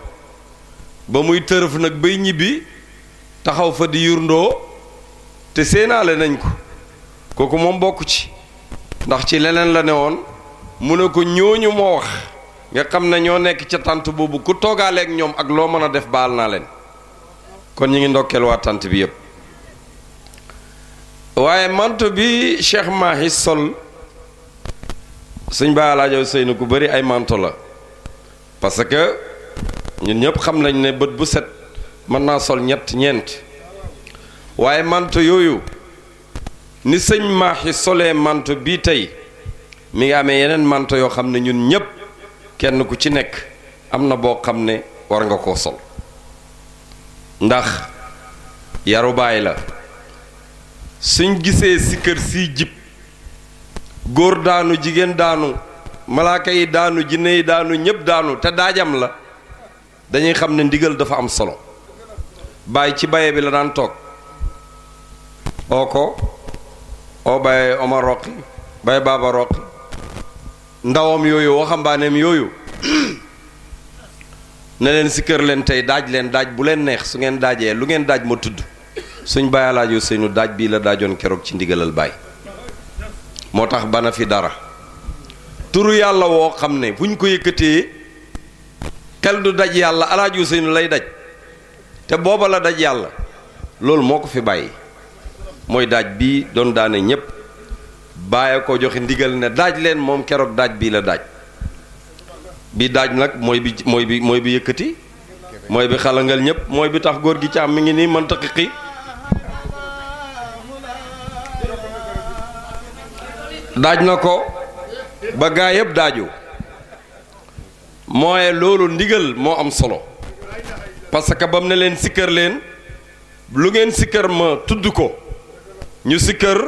ba muy tërëf nag bay ñibbi taxaw fa di yurndoo te séenaale nañ ko kooku moom bokk ci ndax ci leneen la ne woon mu ne ko ñooñu moo wax nga xam ne ñoo nekk ca tànt boobu ku toogaaleeg ñoom ak loo mën a def baal naa leen kon ñu ngi ndokkeel waa tànt bi yépp waaye manto bi Cheikh Mahi sol suñ baalaajow sëy na ku bëri ay manto la parce que ñun ñëpp xam nañ ne bët bu set mën naa sol ñett ñeent waaye manto yooyu ni sëñ Mahi solee manto bii tey mi ngi amee yeneen manto yoo xam ne ñun ñépp kenn ku ci nekk am na boo xam ne war nga ko sol ndax yaru yarubaay la suñ gisee si kër siy jib góor daanu jigéen daanu malaaka yi daanu jinne yi daanu ñépp daanu te daajam la dañuy xam ne ndigal dafa am solo bàyyi ci baye bi la daan toog oo ko oo baye Omar Roqi baye ndawam yooyu waxambaaneem yooyu ne leen si kër leen tey daaj leen daaj bu leen neex su ngeen daajee lu ngeen daaj ma tudd suñ bàyyi alaajoo seenu daaj bii la daajoon keroog ci ndigalal baay moo tax bana fi dara turu yàlla woo xam ne bu ñu ko yëkkatee xel du daj yàlla alaajoo seenu lay daj te booba la daj yàlla loolu moo ko fi bàyyi mooy daaj bii doon daane ñépp bàyyee ko joxe ndigal ne daaj leen moom keroog daaj bii la daaj bi daaj nag mooy bi mooy bi mooy bi mooy bi xalangal ñëpp mooy bi tax góor gi ci am mu ngi nii mën ta xiqi daaj na ko ba gaa yëpp daaju mooy loolu ndigal moo am solo parce que bam ne leen si kër leen lu ngeen kër ma tudd ko ñu si kër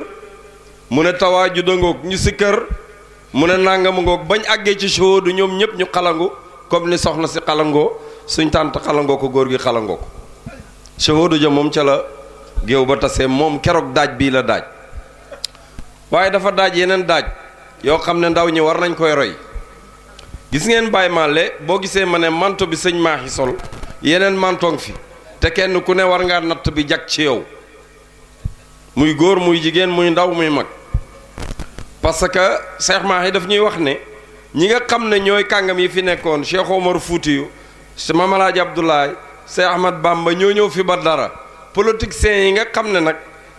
mu ne tawaaju dangoog ñu banyak mu ne nangam ngoog bañ àggee ci shahadu ñoom ñëpp ñu xalangu comme ni soxna si xalangoo suñ tante xalangoo ko góor gi xalangoo ko shahadu ja moom ca la géew ba tasee moom keroog daaj bii la daaj waaye dafa daaj yeneen daaj yoo xam ndaw ñi war nañ koy roy gis ngeen Baye boo gisee ma manto bi sëñ sol yeneen mantoong fi te kenn ku ne war ngaa natt bi jag ci yow muy góor muy jigéen muy ndaw muy mag parce que Cheikh yi daf ñuy wax ne ñi nga xam ne ñooy kàngam yi fi nekkoon Cheikh Omar Foutiyu Mame El Hadji Abdoulaye Cheikh Ahmad Bamba ñoo ñëw fi ba dara politiciens yi nga xam ne nag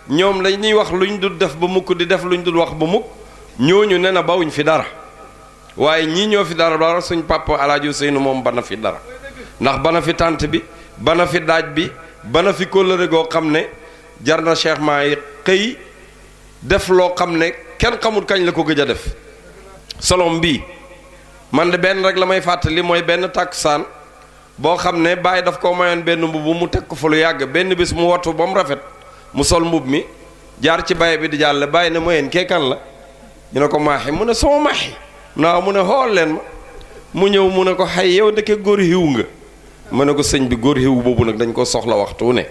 ñoom dañuy wax lu ñu dul def ba mukk di def luñ dul wax ba mukk ñooñu ne na bawuñ fi dara waaye ñii ñoo fi dara dara suñ papa alaaji seenu moom bana fi dara ndax bana fi tànt bi bana fi daaj bi bana fi kóllëre goo xam ne jar na Cheikh Mahi xëy def loo xam ne kenn xamul kañ la ko gëj a def solom bii man de benn rek la may fàttali mooy benn saan boo xam ne bàyyi daf ko mayoon benn mbubb mu teg ko fa lu yàgg benn bis mu wattu ba mu rafet mu sol mbub mi jaar ci baye bi di jàll bàyyi ne moyeen kee kan la ñu ne ko maaxi mu ne sama maaxi naaw mu ne xool leen ma mu ñëw mu ne ko xay yow ndeke góor xiw nga mu ne ko sëñ bi góor xiw boobu nag dañ koo soxla waxtu ne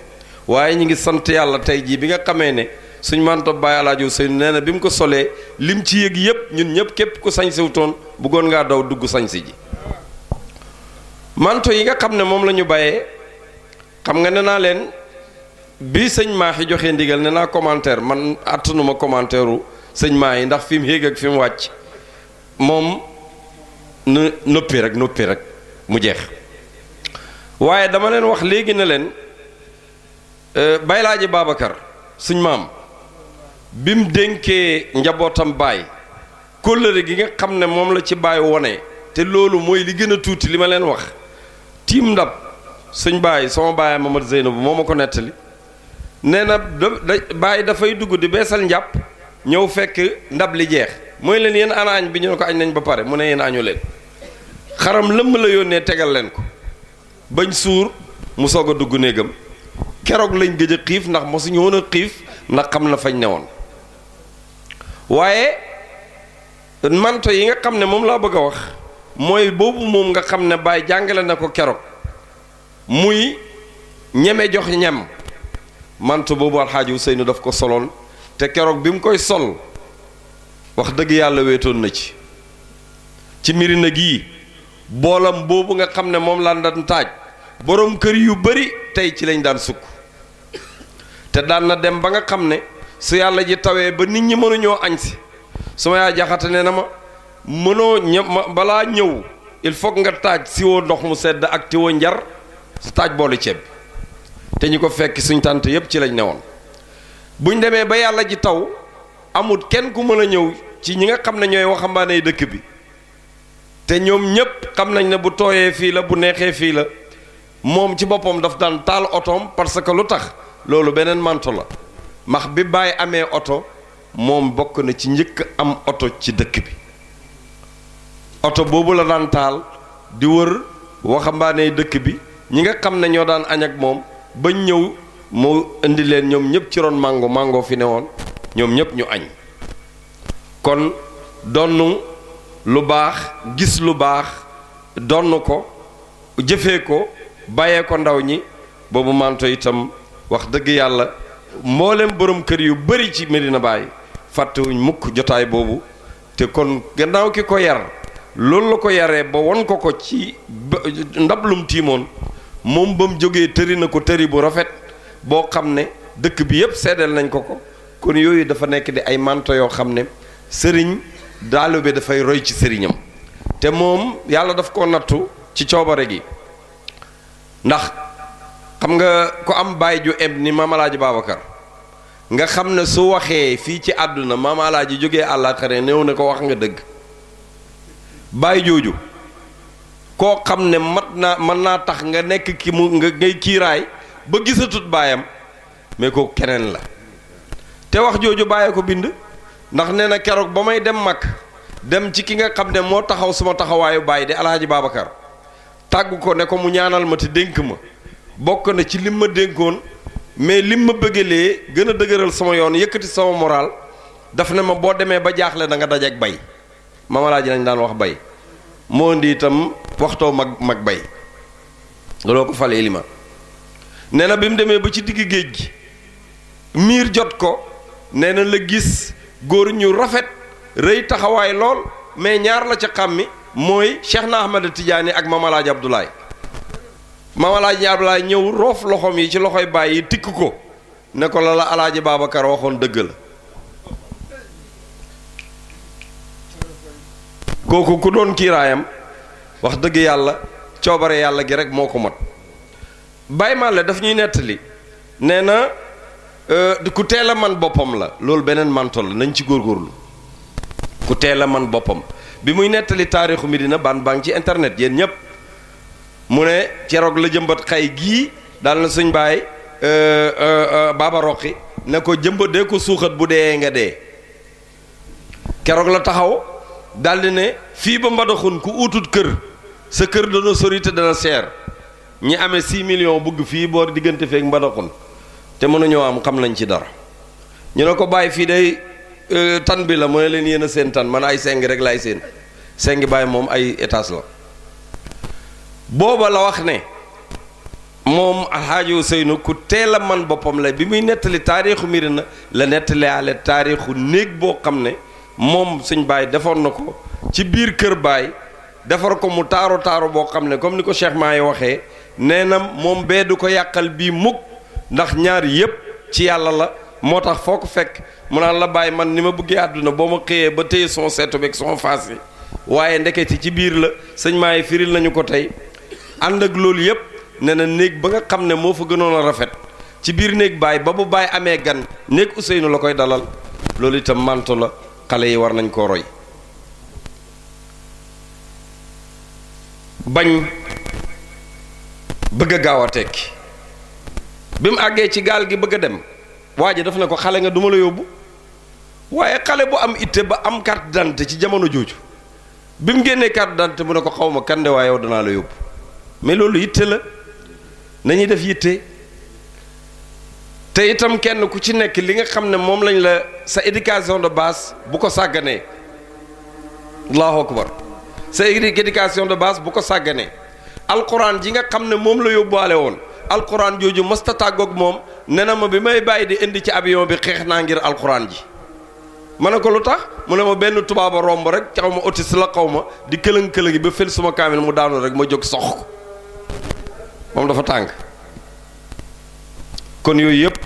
waaye ñu ngi sant yàlla tey jii bi nga xamee ne suñ manto bàyyi alaaju sëñ nee na bi mu ko solee lim ci yëg yëpp ñun ñëpp képp ku sañ siwutoon bëggoon ngaa daw dugg sañ si ji manto yi nga xam ne moom lañu ñu bàyyee xam nga ne naa leen bi sëñ maaxi joxe ndigal ne naa commentaire man àttanuma commentaire u sëñ maa yi ndax fi mu yéeg ak fi mu wàcc moom nu noppi rek noppi rek mu jeex waaye dama leen wax léegi ne leen Euh, baylaaji Babacar suñ maam bi mu dénkee njabootam baay kóllëre gi nga xam ne moom la ci baay wone te loolu mooy li gën a tuuti li ma leen wax tiim ndab suñ baay sama baay Mamad Zeynabu moo ma ko nettali nee na da baay dafay dugg di beesal njàpp ñëw fekk ndab li jeex mooy leen yéen ana añ bi ñu ne ko añ nañ ba pare mu ne yéen añu leen xaram lëmm la yónnee tegal leen ko bañ suur mu soog a dugg néegam keroog lañ gëj a xiif ndax mosuñu woon a xiif ndax xam na fañ ne woon waaye manto yi nga xam ne moom laa bëgg a wax mooy boobu moom nga xam ne Baye jàngale na ko keroog muy ñeme jox ñem manto boobu alxaaji Ousseynou daf ko soloon te keroog bi mu koy sol wax dëgg yàlla wetoon na ci ci mirina gii boolam boobu nga xam ne moom lan daan taaj boroom kër yu bari tey ci lañ daan sukk te daan na dem ba nga xam ne su yàlla ji tawee ba nit ñi mënuñoo añ si su ma yaa jaxate ne na ma mënoo ñë balaa ñëw il faut nga taaj si ndox mu sedd ak ti woo njar taaj boolu ceeb te ñu ko fekk suñ tànt yépp ci lañ newoon buñ demee ba yàlla ji taw amut kenn ku mën a ñëw ci ñi nga xam ne ñooy waxambaane dëkk bi te ñoom ñépp xam nañ ne bu tooyee fii la bu neexee fii la moom ci boppam daf daan taal otoom parce que lu tax loolu beneen manto la max bi bàyyi amee oto moom bokk na ci njëkk am oto ci dëkk bi oto boobu la daan taal di wër waxambaane dëkk bi ñi nga xam ne ñoo daan añ ak moom bañ ñëw mu indi leen ñoom ñëpp ci ron màngo màngoo fi ne woon ñoom ñëpp ñu añ kon donn lu baax gis lu baax donn ko jëfee ko bàyyee ko ndaw ñi boobu manto itam wax dëgg yàlla mboolem borom kër yu bari ci Medina Baye fàttewuñ mukk jotaay boobu te kon gannaaw ki ko yar loolu la ko yaree ba won ko ko ci ndab lum tiimoon moom ba mu jógee tëri na ko tëri bu rafet boo xam ne dëkk bi yépp seddal nañ ko ko kon yooyu dafa nekk di ay manto yoo xam ne sëriñ daalo bi dafay roy ci sëriñam te moom yàlla daf ko nattu ci coobare gi ndax xam nga ko am baay ju eb ni maam alaaji Babacar nga xam ne su waxee fii ci àdduna maam alaaji jóge àllaaxare néew na ko wax nga dëgg baay jooju koo xam ne mat naa mën naa tax nga nekk ki mu nga ngay kiiraay ba gisatut baayam mais ko keneen la te wax jooju bàyyee ko bind ndax ne na keroog ba may dem mag dem ci ki nga xam ne moo taxaw suma taxawaayu baay di alaaji Babacar tàggu ko ne ko mu ñaanal ma te dénk ma bokk na ci lim ma dénkoon mais lim ma bëggalee gën a dëgëral sama yoon yëkkati sama moral daf ne ma boo demee ba jaaxle da nga dajeeg bay mama laa nañ daan wax bay moo indi itam waxtoo mag mag bay looloo ko fale li nee na bi mu demee ba ci digg géej gi miir jot ko nee na la gis góor ñu rafet rëy taxawaay lool mais ñaar la ca xàmmi mooy Cheikh na Ahmada Tidiane ak Mamalaaji Abdoulaye maam alaaji Abdoulaye ñëw roof loxoom yi ci loxoy bàyyi yi tikk ko ne ko la la alaaji Babacar waxoon dëgg la kooku ku doon kiiraayam wax dëgg yàlla coobare yàlla gi rek moo ko mat Baye Malle daf ñuy nettali nee na euh, ku teel a man boppam la loolu beneen manto la nañ ci góorgóorlu ku teel a man boppam bi muy nettali taarixu Medina dina baa ngi ci internet yéen ñépp mu ne ceroog la jëmbat xay gii daal na suñ baay euh, euh, euh, baaba roqi ne ko jëmbat dee ko suuxat bu dee nga dee keroog la taxaw daldi ne fii ba mbadaxun ku uutut kër sa kër dana sori te dana seer ñi amee 6 million bugg fii boor diggante feek mbadaxun te mënuñoo am xam nañ ci dara ñu ne ko bàyyi fii day tan bi la mu ne leen yéen a seen tan man ay seng rek laay seen sengi bàyyi moom ay étage la booba la wax ne moom alxaaji Ousseynou ku teel a man boppam la bi muy nettali taarixu na la nettaliaale taarixu néeg boo xam ne moom sëñ baay defoon na ko ci biir kër baay defar ko mu taaru taaru boo xam ne comme ni ko Cheikh Maay waxee nee na moom bee du ko yàqal bii mukk ndax ñaar yépp ci yàlla la moo tax foo ko fekk mu naan la bàyyi man ni ma bëggee àdduna boo ma xëyee ba téye son seetu beeg son faas yi waaye ndekete ci biir la sëñ Maay firil nañu ko tey ànd ak loolu yëpp ne na néeg ba nga xam ne moo fa gënoon a rafet ci biir néeg baay ba bu amee gan néeg Ousseynou la koy dalal loolu itam manto la xale yi war nañ koo roy bañ bëgg a gaaw a tekki bi mu àggee ci gaal gi bëgg dem waa daf ne ko xale nga duma la yóbbu waaye xale bu am itte ba am carte d'identité ci jamono jooju bi mu génnee carte d'identité mu ne ko xaw ma kan de waaye yow danaa la yóbbu mais loolu yitte la nañuy def yitte te itam kenn ku ci nekk li nga xam ne moom lañ la sa éducation de baas bu ko sàgganee allahu akbar sa éducation de base bu ko sàgganee alquran ji nga xam ne moom la yóbbaale woon alquran jooju mësta tàggook moom nee na ma bi may bàyyi di indi ci avion bi xeex naa ngir alquran ji ma ne ko lu tax mu ne ma benn tubaaba romb rek xaw ma autiste la xaw ma di këlëng këlëng ba fël suma kaamil mu daanu rek ma jóg sox moom dafa tàng kon yooyu yëpp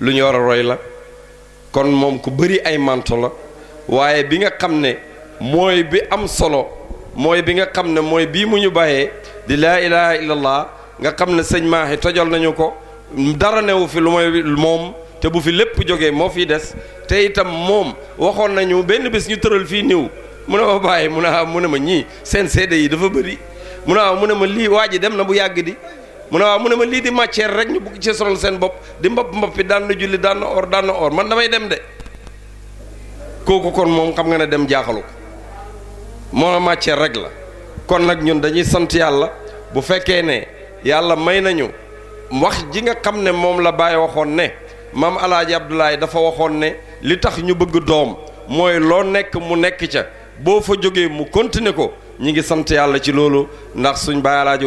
lu ñu war a roy la kon moom ku bëri ay manto la waaye bi nga xam ne mooy bi am solo mooy bi nga xam ne mooy bii mu ñu bàyyee di laa ilaha illallah nga xam ne sëñ maaxi tojal nañu ko dara newu fi lu mooy moom te bu fi lépp jógee moo fi des te itam moom waxoon nañu benn bés ñu tëral fii niiw mu ne ma bàyyi mu ne ah, mu ne ma ñii seen seede yi dafa bëri mu ne ah, mu ne ma lii waa ji dem na bu yàgg di mu ne waaw mu ne ma lii di matière rek ñu bugg ci sonal seen bopp di mbopp mbopp bi daan na julli daan na or daan na or man damay dem de kooku kon moom xam nga ne dem jaaxalu ko moo matière rek la kon nag ñun dañuy sant yàlla bu fekkee ne yàlla may nañu wax ji nga xam ne moom la Baye waxoon ne maam alaaji Abdoulaye dafa waxoon ne li tax ñu bëgg doom mooy loo nekk mu nekk ca boo fa jógee mu continuer ko ñu ngi sant yàlla ci loolu ndax suñ Baye alaaji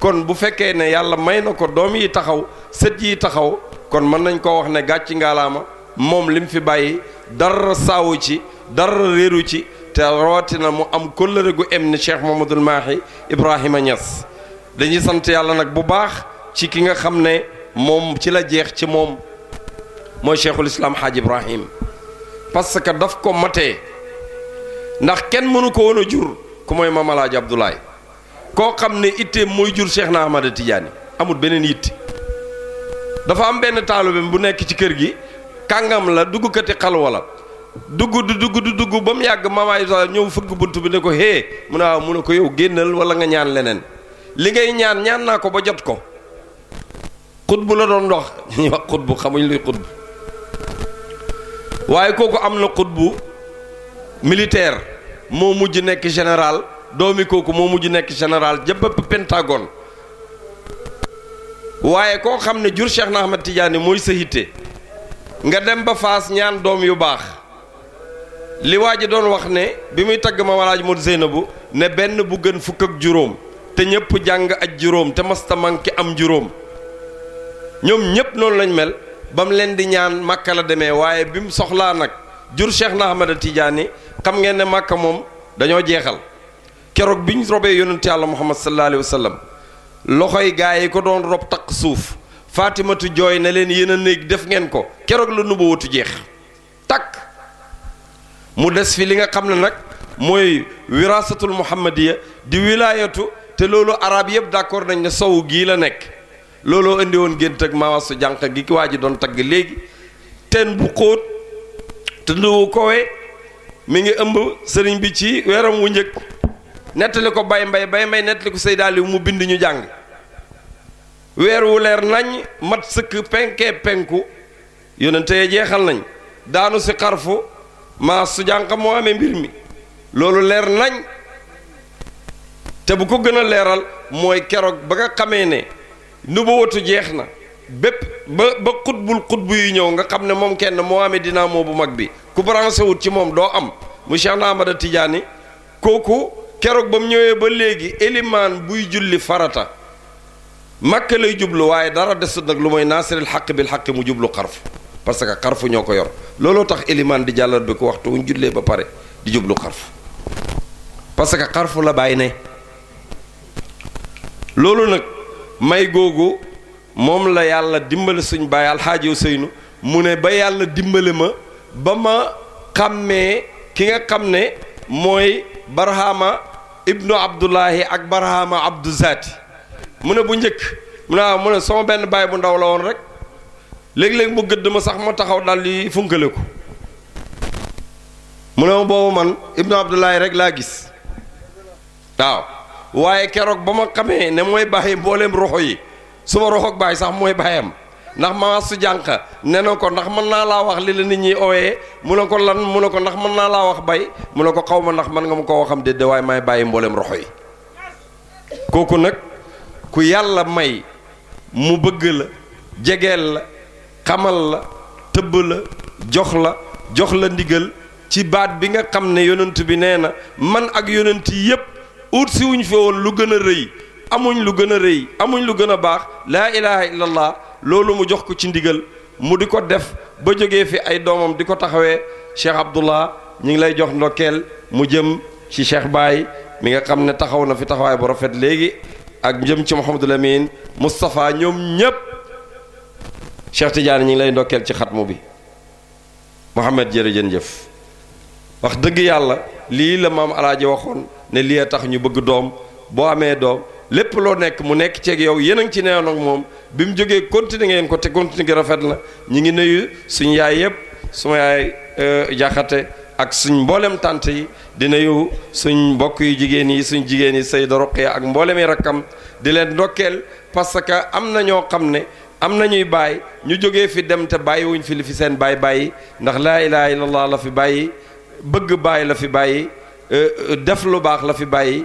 kon bu fekkee ne yàlla may na ko doom yi taxaw sët yi taxaw kon mën nañ ko wax ne gàcc ngaalaama moom lim fi bàyyi dara saawu ci dara réeru ci te rawatina mu am kóllëre gu em ni Cheikh Mamadul Maahi Ibrahima Niass dañuy sant yàlla nag bu baax ci ki nga xam ne moom ci la jeex ci moom mooy Cheikhul Islam Haaj Ibrahim parce que daf ko matee ndax kenn mënu ko woon a jur ku mooy Mamalaaji Abdoulaye koo xam ne itteem mooy jur Cheikh na Ahmada Tidiane amul beneen yitte dafa am benn taalibeem bu nekk ci kër gi kàngam la dugg kati xalwa la dugg dugg dugg ba mu yàgg mamaay sa ñëw fëgg bunt bi ne ko hee mu ne waaw ah, mu ne ko yow génnal wala nga ñaan leneen li ngay ñaan ñaan naa ko ba jot ko xutbu la doon dox ñuy wax xutbu xamuñ luy xutbu waaye kooku am na xutbu militaire moo mujj nekk général doomi kooku moo mujj nekk général ja bépp pentagone waaye koo xam ne jur Cheikh na Ahmed Tidiane mooy sa hitte nga dem ba faas ñaan doom yu baax li waa ji doon wax ne bi muy tagg ma walaaj mot Zeynabu ne benn bu gën fukk ak juróom te ñëpp jàng ak juróom te masta manqué am juróom ñoom ñëpp noonu lañ mel ba mu leen di ñaan màkka la demee waaye bi mu soxlaa nag jur Cheikh na Ahmed Tidiane xam ngeen ne màkka moom dañoo jeexal keroog bi ñu robee yonent yàlla muhammad sallallahu alayhi wa sallam loxoy gaa yi ko doon rob takk suuf faatimatu jooy na leen yéen a néeg def ngeen ko keroog la nubuwatu jeex takk mu des fi li nga xam ne nag mooy wiraasatul ya di wilaayatu te loolu arab yëpp d'accord nañ ne sow gii la nekk looloo indi woon gént ak maawasu jànq gi ki waa ji doon tagg léegi teen bu xóot te nduwu kowe mu ngi ëmb sëriñ bi ci weeram wu njëkk nettali ko bay mbay bay mbay nettali ko Seydi Aliou mu bind ñu jàng weer wu leer nañ mat sëkk penkee penku yónnente yee jeexal nañ daanu si xarfu maa su jànq moo amee mbir mi loolu leer nañ te bu ko gën a leeral mooy keroog ba nga xamee ne nu ba watu jeex na bépp ba ba xutbul xutbu yu ñëw nga xam ne moom kenn moo amee dinaa moo bu mag bi ku branché wut ci moom doo am mu Cheikh na Ahmada Tidiane kooku keroog ba mu ñëwee ba léegi elimaan buy julli farata màkka lay jublu waaye dara desut nag lu mooy naasiril xaq bi xaq mu jublu xarfu parce que xarfu ñoo ko yor looloo tax elimaan di jàllar bi ko waxtu wuñ jullee ba pare di jublu xarfu parce que xarfu la bàyyi ne loolu nag may googu moom la yàlla dimbale suñu bàyyi alxaaji Useynu mu ne ba yàlla dimbali ma ba ma xàmmee ki nga xam ne mooy barahama ibnu abdullahi ak barahama abdu zaati mu ne bu njëkk mu ne waaw mu ne sama benn baay bu ndaw la woon rek léeg-léeg mu gëdd ma sax ma taxaw daal di funkale ko mu ne ma boobu man ibnu abdullahi rek laa gis waaw waaye keroog ba ma xamee ne mooy bàyyi mbooleem roxo yi suma roxoog bàyyi sax mooy bàyyam ndax maa su jànq ne na ko ndax mën naa laa wax li la nit ñi ooyee mu ne ko lan mu ne ko ndax mën naa laa wax bay mu ne ko xaw ma ndax mën nga ma koo waxam déedéet waaye may bàyyi mboolem roxo yi kooku nag ku yàlla may mu bëgg la jegeel la xamal la tëbb la jox la jox la ndigal ci baat bi nga xam ne yonent bi nee na man ak yonent yépp ut si wuñ lu gën a rëy amuñ lu gën a rëy amuñ lu gën a baax laa ilaha illallah loolu mu jox ko ci ndigal mu di ko def ba jóge fi ay doomam di ko taxawee Cheikh Abdullah ñu ngi lay jox ndokkeel mu jëm ci Cheikh baay mi nga xam ne taxaw na fi taxawaay bu rafet léegi ak jëm ci Mouhamadul Amin Moustapha ñoom ñépp Cheikh Tidiane ñu ngi lay ndokkeel ci xatmu bi Mouhamed jërëjëf wax dëgg yàlla lii la maam alaaji waxoon ne lii a tax ñu bëgg doom boo amee doom lépp loo nekk mu nekk ceeg yow yéen a ngi ci neewoon ak moom bi mu jógee continué ngeen ko te continué gi rafet na ñi ngi nuyu suñu yaay yëpp suma yaay euh, jaxate ak suñ mboolem tànt yi di nuyu suñ mbokk yu jigéen yi suñ jigéen yi Sayda Roqiya ak mboolem yi rakkam di leen ndokkeel parce que am na ñoo xam ne am na ñuy bàyyi ñu jógee fi dem te bàyyiwuñ fi li fi seen bàyyi bàyyi ndax laa ilaha illallah la fi bàyyi bëgg bàyyi la fi bàyyi euh, def lu baax la fi bàyyi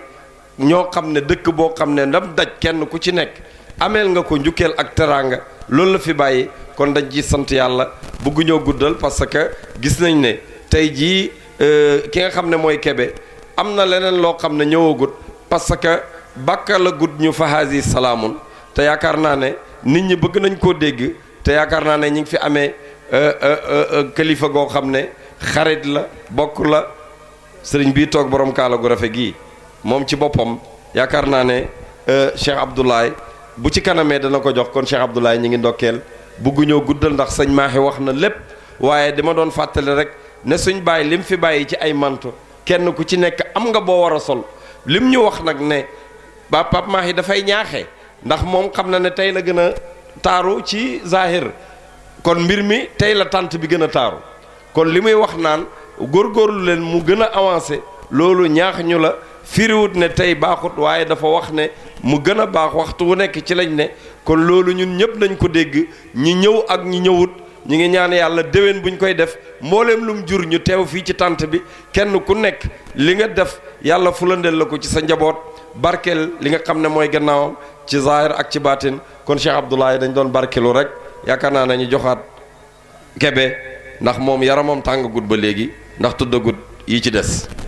ñoo xam ne dëkk boo xam ne ndam daj kenn ku ci nekk ameel nga ko njukkeel ak teraanga loolu la fi bàyyi kon dañ ci sant yàlla bëgguñoo guddal parce que gis nañ ne tey jii euh, ki nga xam ne mooy kebe am na leneen loo xam ne ñëwagut parce que bàkka la gudd ñu fahaasi salaamun te yaakaar naa ne nit ñi bëgg nañ koo dégg te yaakaar naa ne ñi ngi fi amee euh, euh, kilifa goo xam ne xarit la bokk la sëriñ bii toog borom kaala gu rafet gii moom ci boppam yaakaar naa ne Cheikh Abdoulaye bu ci kanamee dana ko jox kon Cheikh Abdoulaye ñu ngi ndokkeel bëgguñoo guddal ndax sëñ Maaxi wax na lépp waaye dama doon fàttali rek ne suñ bàyyi lim fi bàyyi ci ay manto kenn ku ci nekk am nga boo war a sol lim ñu wax nag ne ba Pape yi dafay ñaaxee ndax moom xam na ne tey la gën a taaru ci zahir kon mbir mi tey la tànt bi gën a taaru kon li muy wax naan góorgóorlu leen mu gën a avancé loolu ñaax ñu la firiwut ne tey baaxut waaye dafa wax ne mu gën a baax waxtu wu nekk ci lañ ne kon loolu ñun ñëpp nañ ko dégg ñi ñëw ak ñi ñëwut ñi ngi ñaan yàlla déwén buñ koy def mbooleem lum jur ñu teew fii ci tànt bi kenn ku nekk li nga def yàlla fulandeel la ko ci sa njaboot barkeel li nga xam ne mooy gannaawam ci zahir ak ci baatin kon Cheikh Abdoulaye dañ doon barkeelu rek yaakaar naa nañu joxaat kebe ndax moom yaramam tàngagut ba léegi ndax tuddagut yi ci des